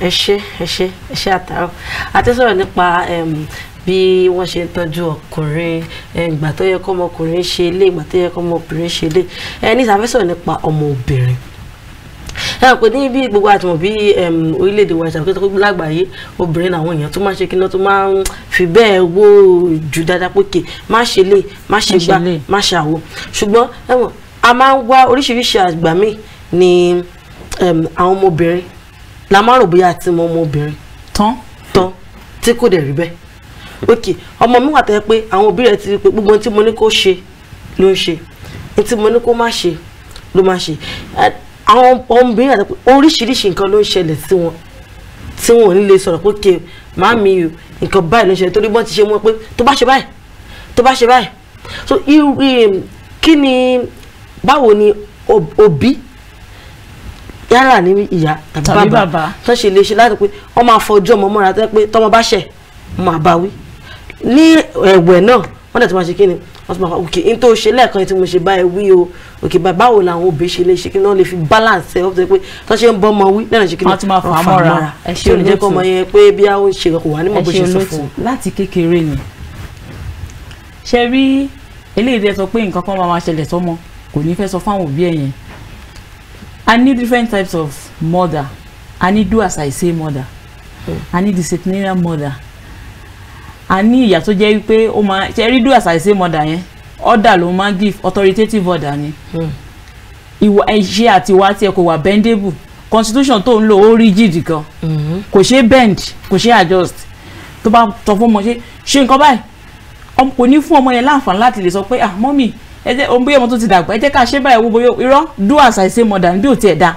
ẹ ṣe ẹ ṣe ẹ ṣe àtàrọ àti sọ̀rọ̀ nípa bí wọ́n ṣe ń tọ́jú ọkùnrin ìgbà tó yẹ kọ́mọkùnrin ṣe ilé ìgbà tó yẹ kọ́mọkùnrin ṣe ilé ẹ ní ìsàfẹ́sọ̀rọ̀ nípa ọmọ obìnrin ẹ pé ní bí gbogbo àtìmọ̀ bí orílẹ̀-èdè wa ìṣàkóso tó lágbàáyé obìnrin làwọn èèyàn tó máa ń ṣe kíná tó máa ń fi bẹ́ẹ̀ wó ju dáadáa pókè má ṣe lè má ṣe gbà má ṣàwò ṣùgbọ́n ẹ̀wọ̀n a máa ń wá oríṣiríṣi àgbà míì ní àwọn ọmọbìnrin la máa rò bóyá àti ọmọbìnrin tán tán tí kò dẹ̀ rí bẹ́ẹ̀ ok ọmọ mi wà tẹ́ pé àwọn òbí rẹ̀ ti rí pé gbogbo tí mo ní kó ṣe ló ń ṣe ohun tí mo ní kó má ṣe ló má ṣe àwọn ọmọbìnrin àti oríṣiríṣi nǹkan ló ń ṣẹlẹ̀ sí wọn tí wọn ò ní lè sọ̀rọ̀ pé kí màámi o nǹkan báyìí ló ń ṣẹlẹ̀ torí wọ́n ti ṣe wọn pé tó bá ṣe báyìí tó bá ṣe báyìí so kí ni báwo ni òbí yálà ní ìyá tàbí bàbá tó ṣe lè ṣe láti pé wọ́n máa fọjú ọmọ mọ́ra tó pé tọ́mọ bá ṣẹ̀ wọ́n máa bá wí ní ẹ̀wẹ̀ náà wọ́n dẹ̀ tó máa ṣe kí ni wọ́n tó máa fọ òkè ní tó ṣe lẹ́ẹ̀kan tí mo ṣe báyìí wí o òkè báwo làwọn òbí ṣe lè ṣe kí náà lè fi balance ẹ ó fi pé tó ṣe ń bọ́ ọmọ wí náà ṣe kí náà máa fà á mọ́ra tí ò ní jẹ́ kọ́ ọmọ yẹn pé bí a ó ṣe kò wá nímọ̀ bó ṣe sọ fún un. láti kékeré ni ṣe rí eléyìí tẹ sọ pé nǹkan kan máa máa ṣẹlẹ̀ sọ́mọ kò ní fẹ́ sọ fáwọn òbí ẹ̀ yẹn I need different types of mother I need do as I say mother I need disciplinarian mother a ní ìyà tó jẹ́ wípé ó máa ṣe rí do as I say mother yẹn order ló máa give authoritative order ni hmm. ìwà ẹ̀ṣẹ̀ àti ìwà tiẹ̀ kò wà bendable constitution tó ń lò ó rigid gan hmm. kò ṣe bend kò ṣe adjust tó bá sọ fún ọmọ ṣe ṣe nǹkan báyìí kò ní fún ọmọ yẹn láǹfààní láti lè sọ pé ah mọ́mì ẹ jẹ́ ohun bóyá ọmọ tó ti dàgbà ẹ jẹ́ ká ṣe báyìí wo irọ́ do as I say mother bí ò tiẹ̀ da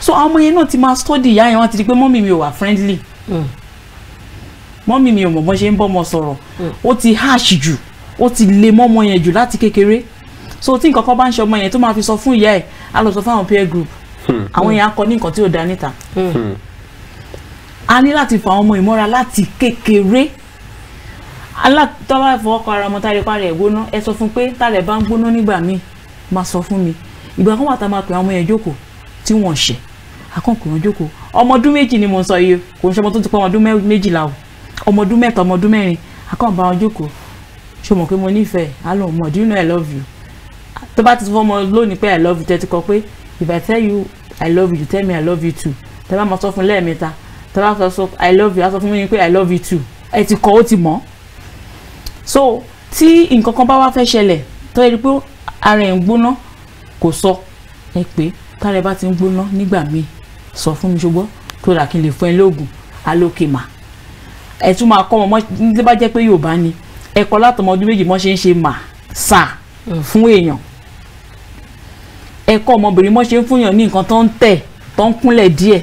so àwọn ọmọ yẹn náà ti máa study ìyá yẹn wọn ti di pé mọ́mì mi ò wà friendly hmm. mọ́mì mi ò mọ̀ bọ́n ṣe ń bọ́ ọmọ sọ̀rọ̀ ó ti harsh jù ó ti le mọ́ ọmọ yẹn jù láti kékeré so tí nǹkan kan bá ń ṣe ọmọ yẹn tó máa fi sọ fún ìyá ẹ̀ á lọ sọ fáwọn peer group hmm. àwọn yẹn á kọ ní nǹkan tí ò dá níta hmm. Hmm. a ní láti fa ọmọ ìmọ́ra láti kékeré alátọ́wá ìfọwọ́kọ ara ọmọ tálẹ̀ pa rẹ̀ gbóná ẹ sọ fún pé tálẹ̀ bá ń gbóná nígbà míì máa sọ fún mi ìgbà kan wà tá a máa pè àwọn ọmọ yẹn jókòó tí wọ́n ṣẹ̀ akọ́kùnrin wọn jókòó ọmọ ọdún méjì ni mo ń sọ iye kò ń ṣe ọmọ tó ti pọ́ ọmọ ọdún méjìlá o ọmọ ọdún mẹ́ta ọmọ ọdún mẹ́rin akọ́kùnrin bá wọn jókòó ṣo mọ̀ pé mo nífẹ̀ẹ́ àlọ́ mọ̀ do you know I love you tó bá ti fọ́ ọmọ lónìí pé I love you tẹ́tí kọ pé if I tell you I love you tell me I love you too tẹ́ bá mọ sọ fún lẹ́ẹ̀mẹ́ta tẹ́ bá sọ I love you á sọ fún mi pé I love you too ẹ ti kọ́ ó ti mọ̀ so tí nǹkan kan bá wá fẹ́ ṣẹlẹ̀ tó yẹ pé ara ẹ̀ ń gbóná kò sọ ẹ pé tára ẹ bá ti ń gbóná nígbà míì sọ fún mi ṣùgbọ́n tó dà kí n lè fún ẹ lóògùn alókèmà ẹ tún máa kọ́ ọmọ tí bá jẹ́ pé Yorùbá ni ẹ̀kọ́ látọmọ ọdún méjì mọ́ ṣe ń ṣe mà sà mm. fún èèyàn ẹ̀kọ́ ọmọbìnrin mọ́ ṣe ń fúnyàn ní nǹkan tó ń tẹ̀ tó ń kúnlẹ̀ díẹ̀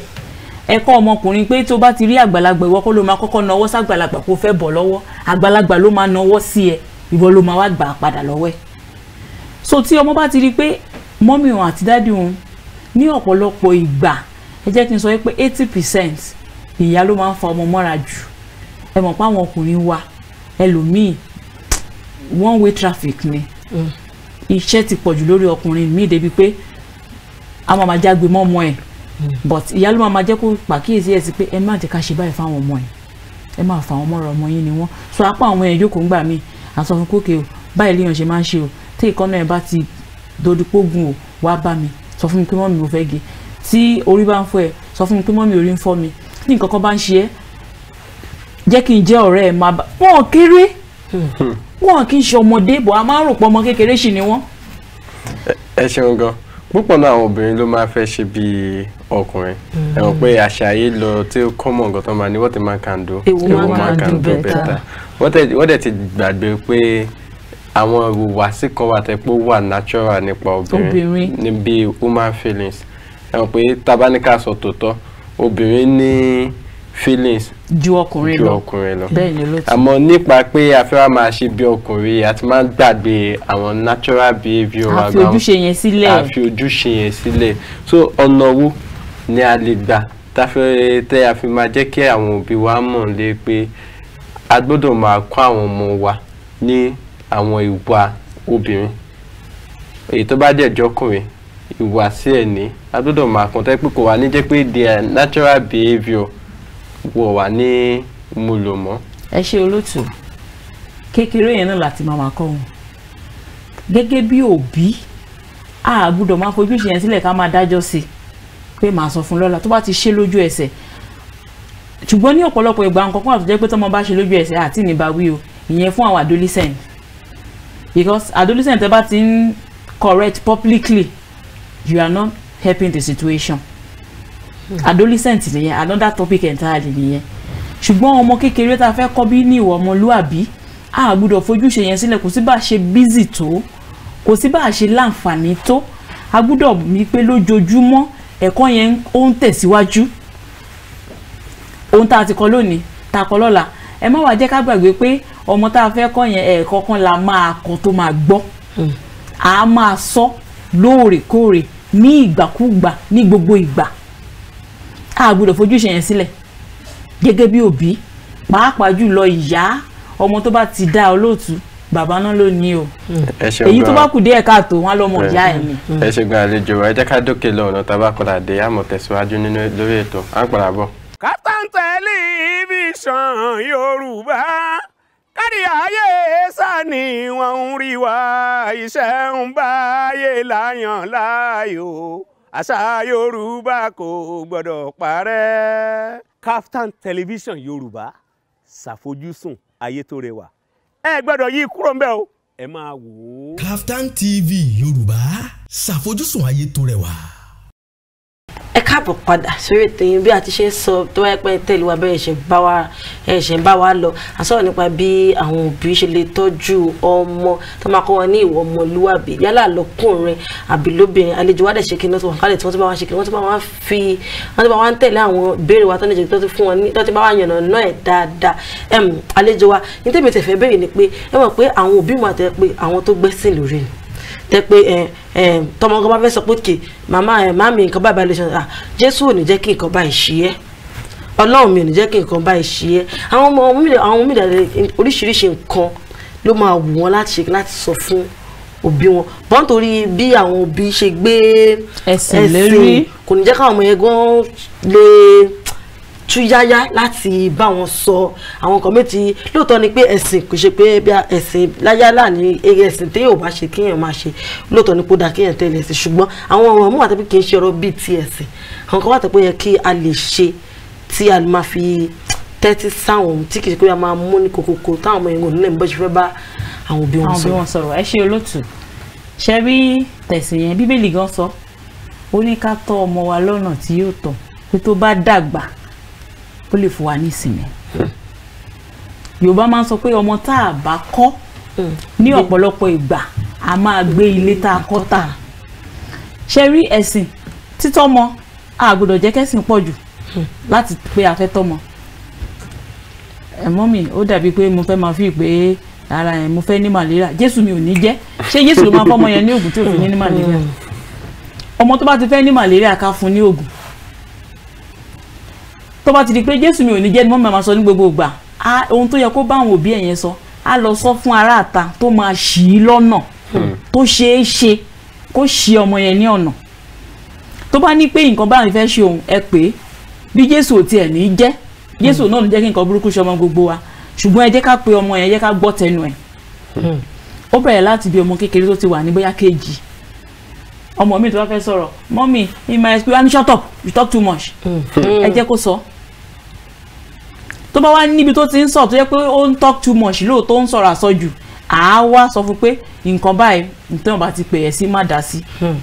ẹ̀kọ́ ọmọkùnrin pé tó bá ti rí àgbàlagbà ìwọ kọ́ ló máa kọ́kọ́ nawọ́ sàgbàlagbà kó fẹ́ bọ̀ lọ́wọ́ àgbàlagbà ló máa nawọ́ sí ẹ ìwọ ló máa wá gbà padà lọ́wọ́ ẹ̀ so tí ọmọ bá ti rí pé mọ́mì òun àti dádì òun ní ọ̀pọ̀lọpọ̀ ìgbà ẹ jẹ́ kí n sọ pé eighty percent ìyá ló máa ń fa ọmọ mọ́ra jù ẹ mọ̀ pé àwọn ọkùnrin wa ẹlòmíì one way traffic ni mm. iṣẹ́ ti pọ̀jù lórí ọkùnrin mi débi pé a máa máa jágbe mọ́ ọmọ ẹ̀ mm. but ìyá ló máa máa jẹ́ kó pàkíyèsí ẹ̀ sí pé ẹ má jẹ́ ká ṣe báyìí fáwọn ọmọ ẹ̀ ẹ máa fà wọn mọ́ra ọmọ yín ni wọ́n so apá àwọn ẹ̀ yòókù ń gbà mí àsọfún kókè o báyìí léèyàn ṣe máa ń ṣe o tí ìkọ́nà ẹ̀ bá ti dodipógun o wá bá mi sọ fún mi pé mọ́mì mo fẹ́ ge tí orí bá ń fọ́ ẹ sọ fún mi pé mọ́mì orí ń fọ́ mi tí nǹkan kan bá ń ṣe ẹ́ jẹ́ kí n jẹ́ ọ̀rẹ́ ẹ̀ máa bá wọn kéré hmm. hmm. wọn kì í ṣe ọmọdé bọ̀ a máa ń rò pọ̀ ọmọ kékeré ṣì ni wọ́n. ẹ ṣeun gan púpọ̀ náà àwọn obìnrin ló máa fẹ́ ṣe bíi ọkùnrin hmm. ẹ mọ̀ pé àṣà yìí lọ tí ó kọ́ mọ̀ nǹkan tó máa ní what a man can do a woman can do better wọ́n dẹ̀ ti gbàgbé pé àwọn ìhùwàsí kan wà tẹ́ pé ó wà natural nípa obìnrin níbi human feelings ẹ mọ̀ pé tá bá sọ tòótọ́ obìnrin ní feelings ju ọkùnrin lọ ju ọkùnrin lọ bẹ́ẹ̀ ni ló ti. àmọ́ nípa pé a máa ṣe bí ọkùnrin a máa ń gbàgbé àwọn natural behaviour wa gan. a fi ojúṣe yẹn sílẹ̀. a ojúṣe yẹn sílẹ̀ so ọ̀nà wo ni a lè gbà táfẹ́ tẹ́ a fi máa jẹ́ kí àwọn òbí wa mọ̀ lé pé a gbọ́dọ̀ máa kọ́ àwọn ọmọ wa ní àwọn ìwà obìnrin èyí tó bá dẹ̀ jọkùnrin ìwà sí ẹ̀ ní a gbọ́dọ̀ máa kàn tẹ́ pé kò wá ní jẹ́ pé their natural behaviour wò wá ní mo lò mọ́. ẹ ṣe olóòtú kékeré yẹn náà láti máa máa kọ́ wọn gẹ́gẹ́ bí òbí a gbọ́dọ̀ máa fojú ṣe yẹn sílẹ̀ ká máa dájọ́ sí i pé màá sọ fún lọ́la tó bá ti ṣe lójú ẹsẹ̀ ṣùgbọ́n ní ọ̀pọ̀lọpọ̀ ìgbà nǹkan kan àtúnjẹ́ pé tọ́mọ bá ṣe lójú ẹsẹ̀ àti ní bá wí o ìyẹn fún àwọn adolescent because adolescent ẹ bá ti ń correct publicly you are not helping the situation adolescent nìyẹn another topic entirely nìyẹn ṣùgbọ́n ọmọ kékeré tá a fẹ́ kọ́ bí ní ìwà ọmọlúàbí a gbọ́dọ̀ fojúṣe yẹn sílẹ̀ kò sí bá a ṣe busy tó kò sí bá a ṣe láǹfààní tó a gbọ́dọ̀ mi pé lójoojúmọ́ ẹ̀kọ́ yẹn ó ń tẹ̀síwájú ohun tá a ti kọ́ lónìí tá a kọ́ lọ́la ẹ má wàá jẹ́ ká gbàgbé pé ọmọ tá a fẹ́ kọ́ yẹn ẹ̀ẹ̀kọ́ kan la máa kọ́ tó máa gbọ́ hmm. a máa sọ lóòrèkóòrè ní ìgbàkúgbà ní gbogbo ìgbà a gbọ́dọ̀ fojúṣe yẹn sílẹ̀ gẹ́gẹ́ bí òbí pàápàá jùlọ ìyá ọmọ tó bá ti dá olóòtú bàbá náà ló ní o mm. èyí tó bá kù díẹ̀ káàtó wọn lọ́mọ mm. ìyá ẹ̀ ni. Mm. ẹ ṣe gba àlejò ẹ jẹ́ ká dókè lọ ọ̀nà tábà padà dé àmọ̀ tẹ̀síwájú nínú lórí ètò à ń padà bọ̀. Kaftan Television Yorùbá kárí ayé sani wọn ń rí wa iṣẹ́ ń bá láyàn láàyò àṣà yorùbá kò gbọ́dọ̀ parẹ́. Kaftan television yorùbá ṣàfojúsùn ayé tó rẹwà ẹ gbọ́dọ̀ yí kúrò ń bẹ̀ o ẹ máa wò ó. Kaftan TV yorùbá ṣàfojúsùn ayé tó rẹwà ẹ káàbọ̀ padà sórí ètò yín bí a ti ṣe ń sọ tó wáyé pé tẹ́lẹ̀ wá bẹ́ẹ̀ ṣe bá wa ẹ̀ ṣe ń bá wa lọ à ń sọ̀rọ̀ nípa bí àwọn òbí ṣe lè tọ́jú ọmọ tó máa kọ́ wọn ní ìwọ ọmọlúwàbí yálà lọ́kùnrin àbí lóbìnrin àlejò wá dẹ̀ ṣe kí ní wọ́n kálẹ̀ tí wọ́n ti bá wa ṣe kí wọ́n wọ́n ti bá wa ń tẹ̀lé àwọn béèrè wa tó ní tó ti fún wọn ní tó ti bá wa tẹ́ pé eh, eh, tọmọ nǹkan bá fẹ́ sọ pé kè màmá eh, màmí nǹkan báyìí báyìí lè ṣe ah, jésù ò ní jẹ́ kí nǹkan báyìí ṣe é ọlọ́run mi ò ní jẹ́ kí nǹkan báyìí ṣe é àwọn ọmọ àwọn mídà oríṣiríṣi nǹkan ló máa wù wọ́n láti ṣe láti sọ fún òbí wọn bọ́n torí bí àwọn òbí ṣe gbé ẹ̀sìn kò ní jẹ́ káwọn ọmọ yẹn gan lè túyáyá láti bá wọn sọ àwọn nǹkan méjì lóòótọ́ ni pé ẹ̀sìn kò ṣe pé bí ẹ̀sìn láyálà ni ẹ̀sìn téèyàn bá ṣe kéèyàn máa ṣe lóòótọ́ ni kódà kéèyàn tẹ̀lé ẹ̀sìn ṣùgbọ́n àwọn ọ̀rọ̀ mú àtẹ́pẹ́ kì í ṣe ọ̀rọ̀ bíi ti ẹ̀sìn àwọn kan wà tẹ́pẹ́ yẹ kí a lè ṣe tí a máa fi tẹ́tí sáwọn tí kì í ṣe pé a máa mú ní kòkòkò táwọn ọmọ yẹn bíbélì ní ká tọ́ ọmọ wa lọ́nà bá ó lè fún wa ní ìsinmi yorùbá máa ń sọ pé ọmọ tá a bá kọ́ hmm. ní ọ̀pọ̀lọpọ̀ ìgbà a máa gbé ilé tá a kọ́ tà ṣe rí ẹ̀sìn títọ́mọ a gbọ́dọ̀ jẹ́ kẹ́sìn pọ̀ jù hmm. láti pé a fẹ́ tọ́mọ ẹ̀mọ́ mi ó dàbí pé mo fẹ́ máa fi pé ara ẹ̀ mo fẹ́ ní malaria jésù mi ò ní jẹ́ ṣé jésù ló máa fọ́mọ yẹn ní oògùn tí ò fi ní ní malaria hmm. ọmọ tó bá ti fẹ́ ní malaria ká fún ní oògùn tó bá ti di pé jésù mi ò ní jẹ́ ni mọ́mí máa sọ ní gbogbo ìgbà ohun tó yẹ kó bá àwọn òbí ẹ̀ yẹn sọ á lọ sọ fún aráàta tó máa ṣì í lọ́nà hmm. tó ṣeé ṣe kó ṣì ọmọ yẹn ní ọ̀nà tó bá ní pé nǹkan báyìí fẹ́ ṣe òun ẹ pé bí jésù ò tiẹ̀ ní jẹ́ jésù hmm. náà ló jẹ́ kí nǹkan burúkú ṣe ọmọ gbogbo wa ṣùgbọ́n ẹ jẹ́ ká pe ọmọ yẹn jẹ́ ká gbọ́ tẹnu ẹ̀ hmm. ó bẹ̀rẹ̀ láti bí ọmọ kékeré tó ti wà ní bóyá kéèjì ọmọ mi tó bá fẹ́ sọ̀rọ̀ mọ́mì in my experience shut up you talk too much ẹ jẹ́ kó sọ tó bá wá níbi tó ti ń sọ tó yẹ pé ó ń talk too much lóòótọ́ ń sọ̀rọ̀ àsọjù àá wá sọ fún pé nǹkan báyìí nǹkan ọba ti pè é sí má dá sí. Hmm.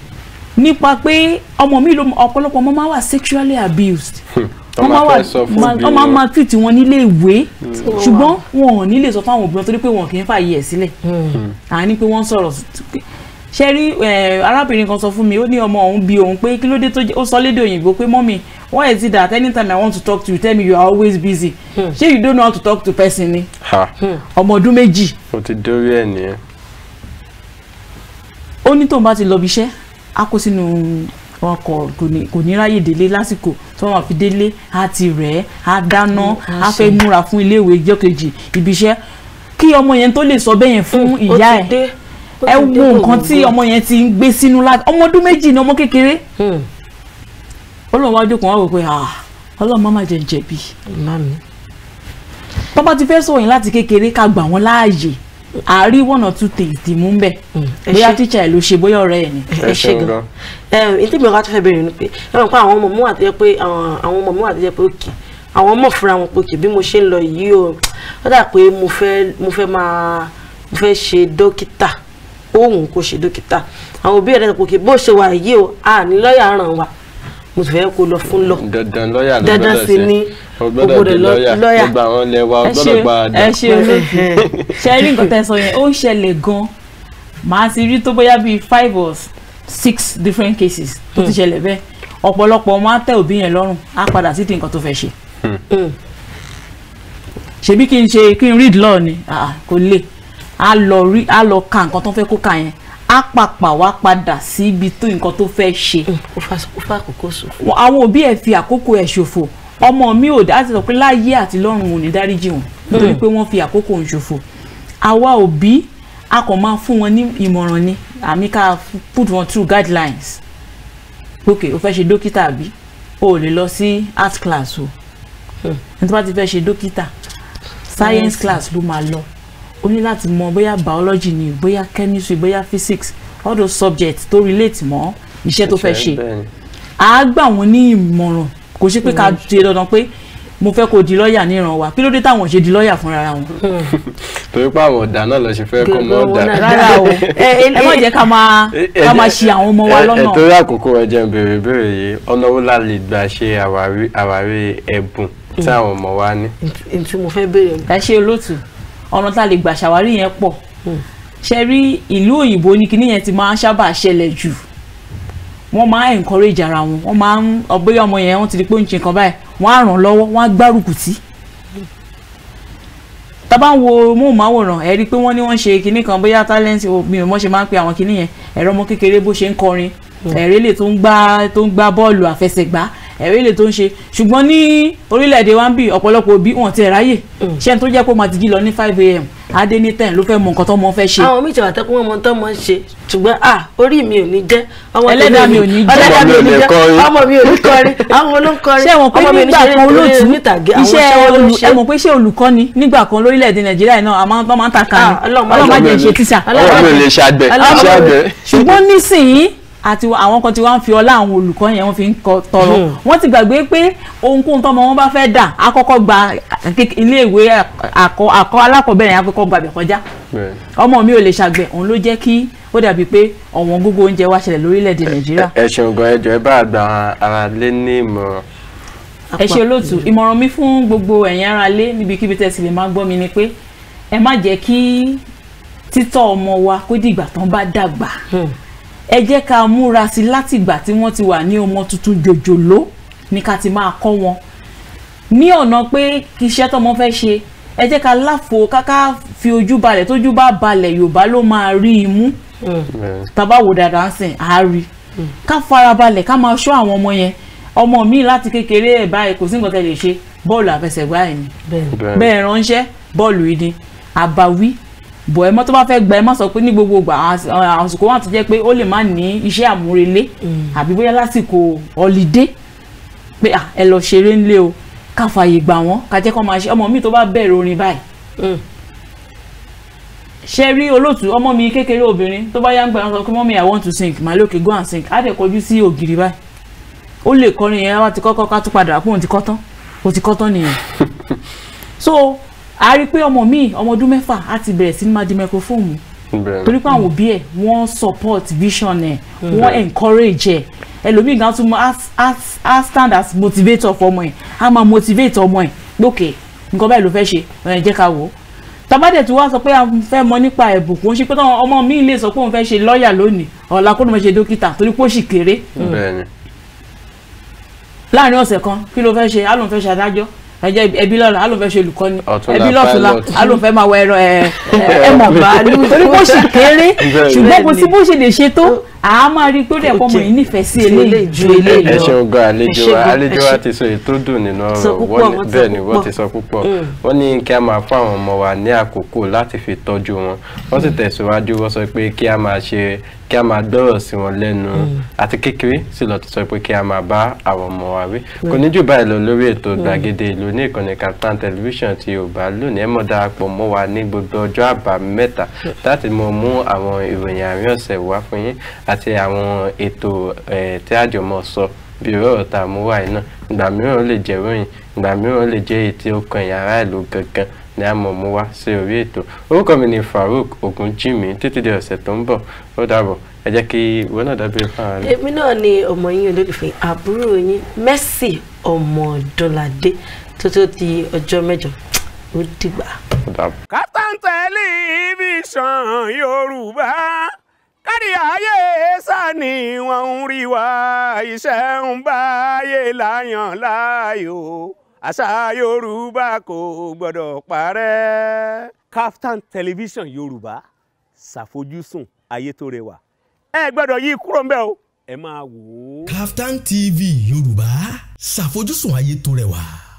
nípa pé ọmọ mi ló ọ̀pọ̀lọpọ̀ ọmọ máa wà sexually abused *laughs* wọ́n máa wà wọ́n máa máa treat wọn nílé ìwé hmm. ṣùgbọ́n wọn ò ní lè sọ fáwọn obìnrin torí pé wọn kì í fààyè ẹ̀ sílẹ̀ àní hmm. pé wọ́n sọ̀rọ̀ ṣe rí eh, arábìnrin kan sọ fún mi ó ní ọmọ òun bí òun pé kí ló dé tó ó sọ lédè òyìnbó pé mọ́mì why is it that anytime i want to talk to you tell me you are always busy hmm. ṣé you don't know how to talk to person ni hmm. ọmọ ọdún méjì. o ti dórí ẹ nìyẹn. ó ní tóun bá ti lọ bí iṣẹ́ á kó sínú wọn kọ kò ní ráyè délé lásìkò tí wọn máa fi délé á ti rẹ̀ ẹ́ á dáná á hmm, fẹ́ múra fún iléèwé jọ́kejì ibiṣẹ́ kí ọmọ yẹn tó lè sọ bẹ́ẹ̀ yẹn fún ìyá ẹ̀ ẹ wo nǹkan tí ọmọ yẹn ti ń gbé sínú láti ọmọ ọdún méjì ni ọmọ kékeré ọlọ́run hmm. wájú kan wá wò pé ah, ọlọ́run má má jẹ jẹ̀bi bàbá ti fẹ́ sọ̀yìn láti kékeré ká gbà wọ́n láàyè a one or two things di mú bẹ hmm. bóyá tíṣà ẹ ló ṣe bóyá ọ̀rẹ́ ẹ ni. ẹ ṣe gan ẹ tí mi ọkọ tó fẹ́ bẹ̀rẹ̀ ni pé ẹ mọ̀ pé àwọn ọmọ mi wà pé àwọn ọmọ mi wà pé òkè àwọn ọmọ fúnra wọn pé òkè bí mo ṣe ń lọ yìí o ó dà pé mo fẹ́ mo fẹ́ máa mo fẹ́ ṣe dókítà òun kò ṣe dókítà àwọn òbí rẹ̀ kò kí bó ṣe wà yìí o a ní lọ́ọ̀yà ràn wá mo ti fẹ́ kó lọ fún lọ dandan lọ́ọ̀yà ló gbọ́dọ̀ sí ní ọgbọ́dọ̀ lọ́ọ̀yà gbogbo àwọn ilẹ̀ wa ọgbọ́dọ̀ gba àdá. ẹ ṣe olóògbé *laughs* ṣe rí nǹkan tẹ́ sọ yẹn ó ń ṣẹlẹ̀ gan màá ti rí tó bóyá bíi five or six different cases tó ti hmm. ṣẹlẹ̀ bẹ́ẹ̀ ọ̀pọ̀lọpọ̀ máa tẹ òbí yẹn lọ́rùn á padà sí ti nǹkan tó fẹ́ ṣe hmm. Hmm. ṣebí kí n ṣe kí n read law ni kò le a lọ rí a lọ ka nǹkan tó fẹ́ kó ka yẹn a pàpà wá padà sí ibi tó nǹkan tó fẹ́ ṣe. Mm, ó fa àkókò ṣòfò. àwọn òbí ẹ̀ fi àkókò ẹ̀ ṣòfò ọmọ mi ò dá ti sọ pé láyé àti lọ́run ò ní dáríjì wọn nítorí mm. pé wọ́n fi àkókò òun ṣòfò àwa òbí a kàn máa fún wọn ní ìmọ̀ràn ni àmì ká put wọn through guidelines ok o fẹ́ ṣe dókítà àbí o ò lè lọ sí art class o mm. nítorí bá ti fẹ́ ṣe dókítà science class ló máa lọ o ní láti mọ bóyá biology ni bóyá chemistry bóyá physics all those subjects to relate mọ́ iṣẹ́ tó fẹ́ ṣe a gbà wọ́n ní ìmọ̀ràn kò ṣe pé ká hmm. ṣe dandan pé mo fẹ́ kó di lọ́ọ̀yà níran wa kí ló dé táwọn ṣe di lọ́ọ̀yà fúnra wọn. *laughs* torí pé àwọn ọ̀dà náà lọ ṣe fẹ́ kọ́ mọ́ ọ̀dà. rárá o *laughs* ẹ má jẹ́ ká máa *laughs* ká máa ṣì àwọn ọmọ wa lọ́nà. ẹ torí àkókò ẹ jẹun béèrè béèrè yìí ọ̀nà wo la lè gbà ṣe àwárí ẹ̀bùn tí hmm. àwọn ọmọ wa ní. ǹtí mo fẹ́ béèrè. ẹ ṣe olóòtú ọ̀nà tá a lè gbà ṣàwárí yẹn pọ̀ hmm. ṣe rí ìlú òyìnbó ní kinní yẹn ti máa ń sábà ṣẹlẹ̀ jù wọ́n máa ń encourage ara wọn wọ́n máa ń ọbẹ̀ ọmọ yẹn wọ́n ti di pé ń ṣe nǹkan báyìí wọ́n á ràn lọ́wọ́ wọ́n á gbárùkù tì tá bá ń wo móhùnmáwòrán ẹ rí i pé wọ́n ní wọ́n ṣe kinní kan bóyá tálẹ́ǹtì mi ò mọ̀ máa ń pe àwọn kinní yẹn ẹ̀rọ ọmọ kékeré bó ṣe ń kọrin hmm. ẹ̀rẹ́ tó ń gbá bọ́ọ̀lù àfẹsẹ̀gbá ẹ̀rí ilé tó ń ṣe ṣùgbọ́n ní orílẹ̀-èdè wa ń bì ọ̀pọ̀lọpọ̀ òbí wọn ti ráyè mm. ṣé ẹni tó jẹ́ pé ó máa ti jí lọ ní five a.m. adé ní ten ló fẹ́ mọ nǹkan tó mọ fẹ́ ṣe. àwọn méjì wà tẹ́kùn wọn mọ tó mọ ṣe ṣùgbọ́n à orí mi ò ní jẹ́ ọmọ mi ò ní jẹ́ ọmọ mi ò ní kọrin àwọn olóńkọrin ọmọ mi ò ní *laughs* ṣeré olóòtú iṣẹ́ ẹ mọ̀ pé iṣẹ́ olùkọ́ni nígbà kan lórílẹ̀‐èdè nàìjíríà náà a máa ń ta kàní ah, ọlọ́mọdé ń ṣe tíṣà ọlọ́mọdé ń ṣe àgbẹ̀ ṣùgbọ́n nísìnyí àti àwọn kan tí wọ́n fi ọlá àwọn olùkọ́ yẹn wọ́n fi ń tọrọ hmm. wọ́n ti gbàgbé pé ohunkóhun tọ́mọ wọn bá fẹ́ dà àkọ́kọ́ gba ilé ìwé àkọ́ alákọ̀ọ́bẹ̀rẹ̀ àkọ́kọ́ gbàgbé kọjá ọmọ mi ò lè ṣàgbẹ̀ òun ló jẹ́ kí ó dàbí pé ọ̀wọ́n gógó oúnjẹ wa ṣẹlẹ̀ lórílẹ̀‐èdè nàìjíríà. ẹ ṣeun gan ẹjọ ẹ bá àgbà ara lé ní ìmọ̀ràn. ẹ ṣe olóòtú ìmọ̀ràn mi fún gbogbo ẹ̀yin ara lé níbikíbi tẹ̀sí lè máa gbọ́ mi ni pé ẹ má jẹ́ kí títọ́ ọmọ wa kó dìgbà tán bá dàgbà. Hmm ẹ jẹ́ ká múra sí látìgbà tí wọ́n ti wà ní ọmọ tuntun jòjòló ní ká ti máa kọ́ wọn ní ọ̀nà pé kí iṣẹ́ tọ́mọ fẹ́ ṣe ẹ jẹ́ ká láfo káká fi ojú balẹ̀ tójú bá balẹ̀ Yorùbá ló máa rí i mú tàbá wò dáadáa sìn á rí i ká farabalẹ̀ ká máa ṣọ́ àwọn ọmọ yẹn ọmọ mi láti kékeré ẹ̀ báyìí kò sí nǹkan tẹ́ ṣe bọ́ọ̀lù àfẹsẹ̀gbá ẹ̀ ni bẹ́ẹ̀ ránṣẹ́ bọ́ọ̀lù ìdí àbáwí bọ̀ ẹ mọ́ tó bá fẹ́ gba ẹ mọ́ sọ pé ní gbogbo ìgbà àsìkò wọn ti jẹ́ pé ó lè má ní iṣẹ́ àmúrelé mm. àbí bóyá lásìkò holiday pé ẹ lọ ṣeré ńlé o ká fààyè gbà wọ́n ká jẹ́ kó máa ṣe ọmọ mi tó bá bẹ̀rẹ̀ orin báyìí mm. ṣe rí olóòtú ọmọ mi kékeré obìnrin tó bá yá ń gbà wọn sọ pé mọ́mí i want to sing màlókè go and sing á dẹ̀ kọjú sí ògiri báyìí ó lè kọrin yẹn wá ti kọ́kọ́ ká tún padà kó òun ti kọ́ tán ó ti kọ́ nìyẹn *laughs* so a rí i pé ọmọ mi ọmọ ọdún mẹ́fà á ti bẹ̀rẹ̀ sí ní máa di microphone torí pé àwọn òbí ẹ̀ wọ́n support vision ẹ̀ wọ́n encourage ẹ̀ ẹlòmíì gan tún á stand as motivator for ọmọ ẹ̀ á máa motivate ọmọ ẹ̀ lókè nǹkan báyìí ló fẹ́ ṣe ẹ̀ jẹ́ ká wò ó tabade tí wàá sọ pé a fẹ́ mọ nípa ẹ̀bùn kò ń ṣe pé táwọn ọmọ mi lè sọ pé òun fẹ́ ṣe lọ́ọ̀yà lónìí ọ̀la kó ló fẹ́ ṣe dókítà torí pé ó sì kéré láàrin ọ̀sẹ̀ kan kí ló fẹ́ ṣe á lóun fẹ́ ṣe adájọ́ ẹjẹ ẹbí lọ́la á ló fẹ́ ṣe olùkọ́ ni ẹbí lọ́tùlá á ló fẹ́ máa wọ ẹ̀rọ ẹ̀ ẹ̀ mọ̀ bá a lù bó ṣì kéré ṣùgbọ́n kò sí bó ṣe lè ṣe tó a máa rí gbọ́dọ̀ ẹ̀kọ́ ọmọ yìí nífẹ̀ẹ́ sí eléyìí ju eléyìí lọ. ẹ ṣeun gan àlejò wa àlejò wa ti sọ èyí tó dùn nínú ọ̀rọ̀ bẹ́ẹ̀ ni wọ́n ti sọ púpọ̀ mm. wọ́n ní kí a máa fún àwọn ọmọ wa ní àkókò láti fi tọ́jú wọn wọ́n sì mm. tẹ̀síwájú wọ́n sọ pé kí a máa ṣe kí a máa gbọ́rọ̀ sí wọn lẹ́nu mm. àti kékeré sì lọ́ọ́ ti sọ pé kí a máa bá àwọn ọmọ wa wí kò ní jù báyìí lọ lórí ètò gbàgede ìlú ní ìkànnì Kaftan television ti Yorùbá lónìí ẹ mọ̀ darapọ̀ mọ́ wa ní gbogbo ọjọ́ àbámẹ́ta láti mọ̀ mú àwọn ìròyìn àárín ọ̀sẹ̀ wá fún yín àti àwọn ètò tí àjọmọ̀ sọ bí irú tá a mú wáyé náà ìgbà mìíràn lè jẹ́ ròyìn ìgbà mìíràn lè jẹ́ èyí tí ó kan ẹ̀yà gangan ni a mú wá sí orí ètò orúkọ mi ni Farouk Ogunjimi títí di ọ̀sẹ̀ tó ń bọ̀ ó dàbọ̀ ẹ jẹ́ kí ìwé náà dábìrì fún èmi náà ni ọmọ yín olólùfẹ́ àbúrò yín Mercy Ọmọdúnládé tó tó di ọjọ́ mẹ́jọ ó dìgbà. Kaftan Television Yorùbá kárí ayé sani wọ́n ń rí wa iṣẹ́ ń báyé láyàn láàyò àṣà yorùbá kò gbọ́dọ̀ parẹ́. Kaftan television yorùbá ṣàfojúsùn ayé tó rẹwà ẹ gbọ́dọ̀ yí kúrò ń bẹ̀ o ẹ máa wò ó. Kaftan TV yorùbá ṣàfojúsùn ayé tó rẹwà.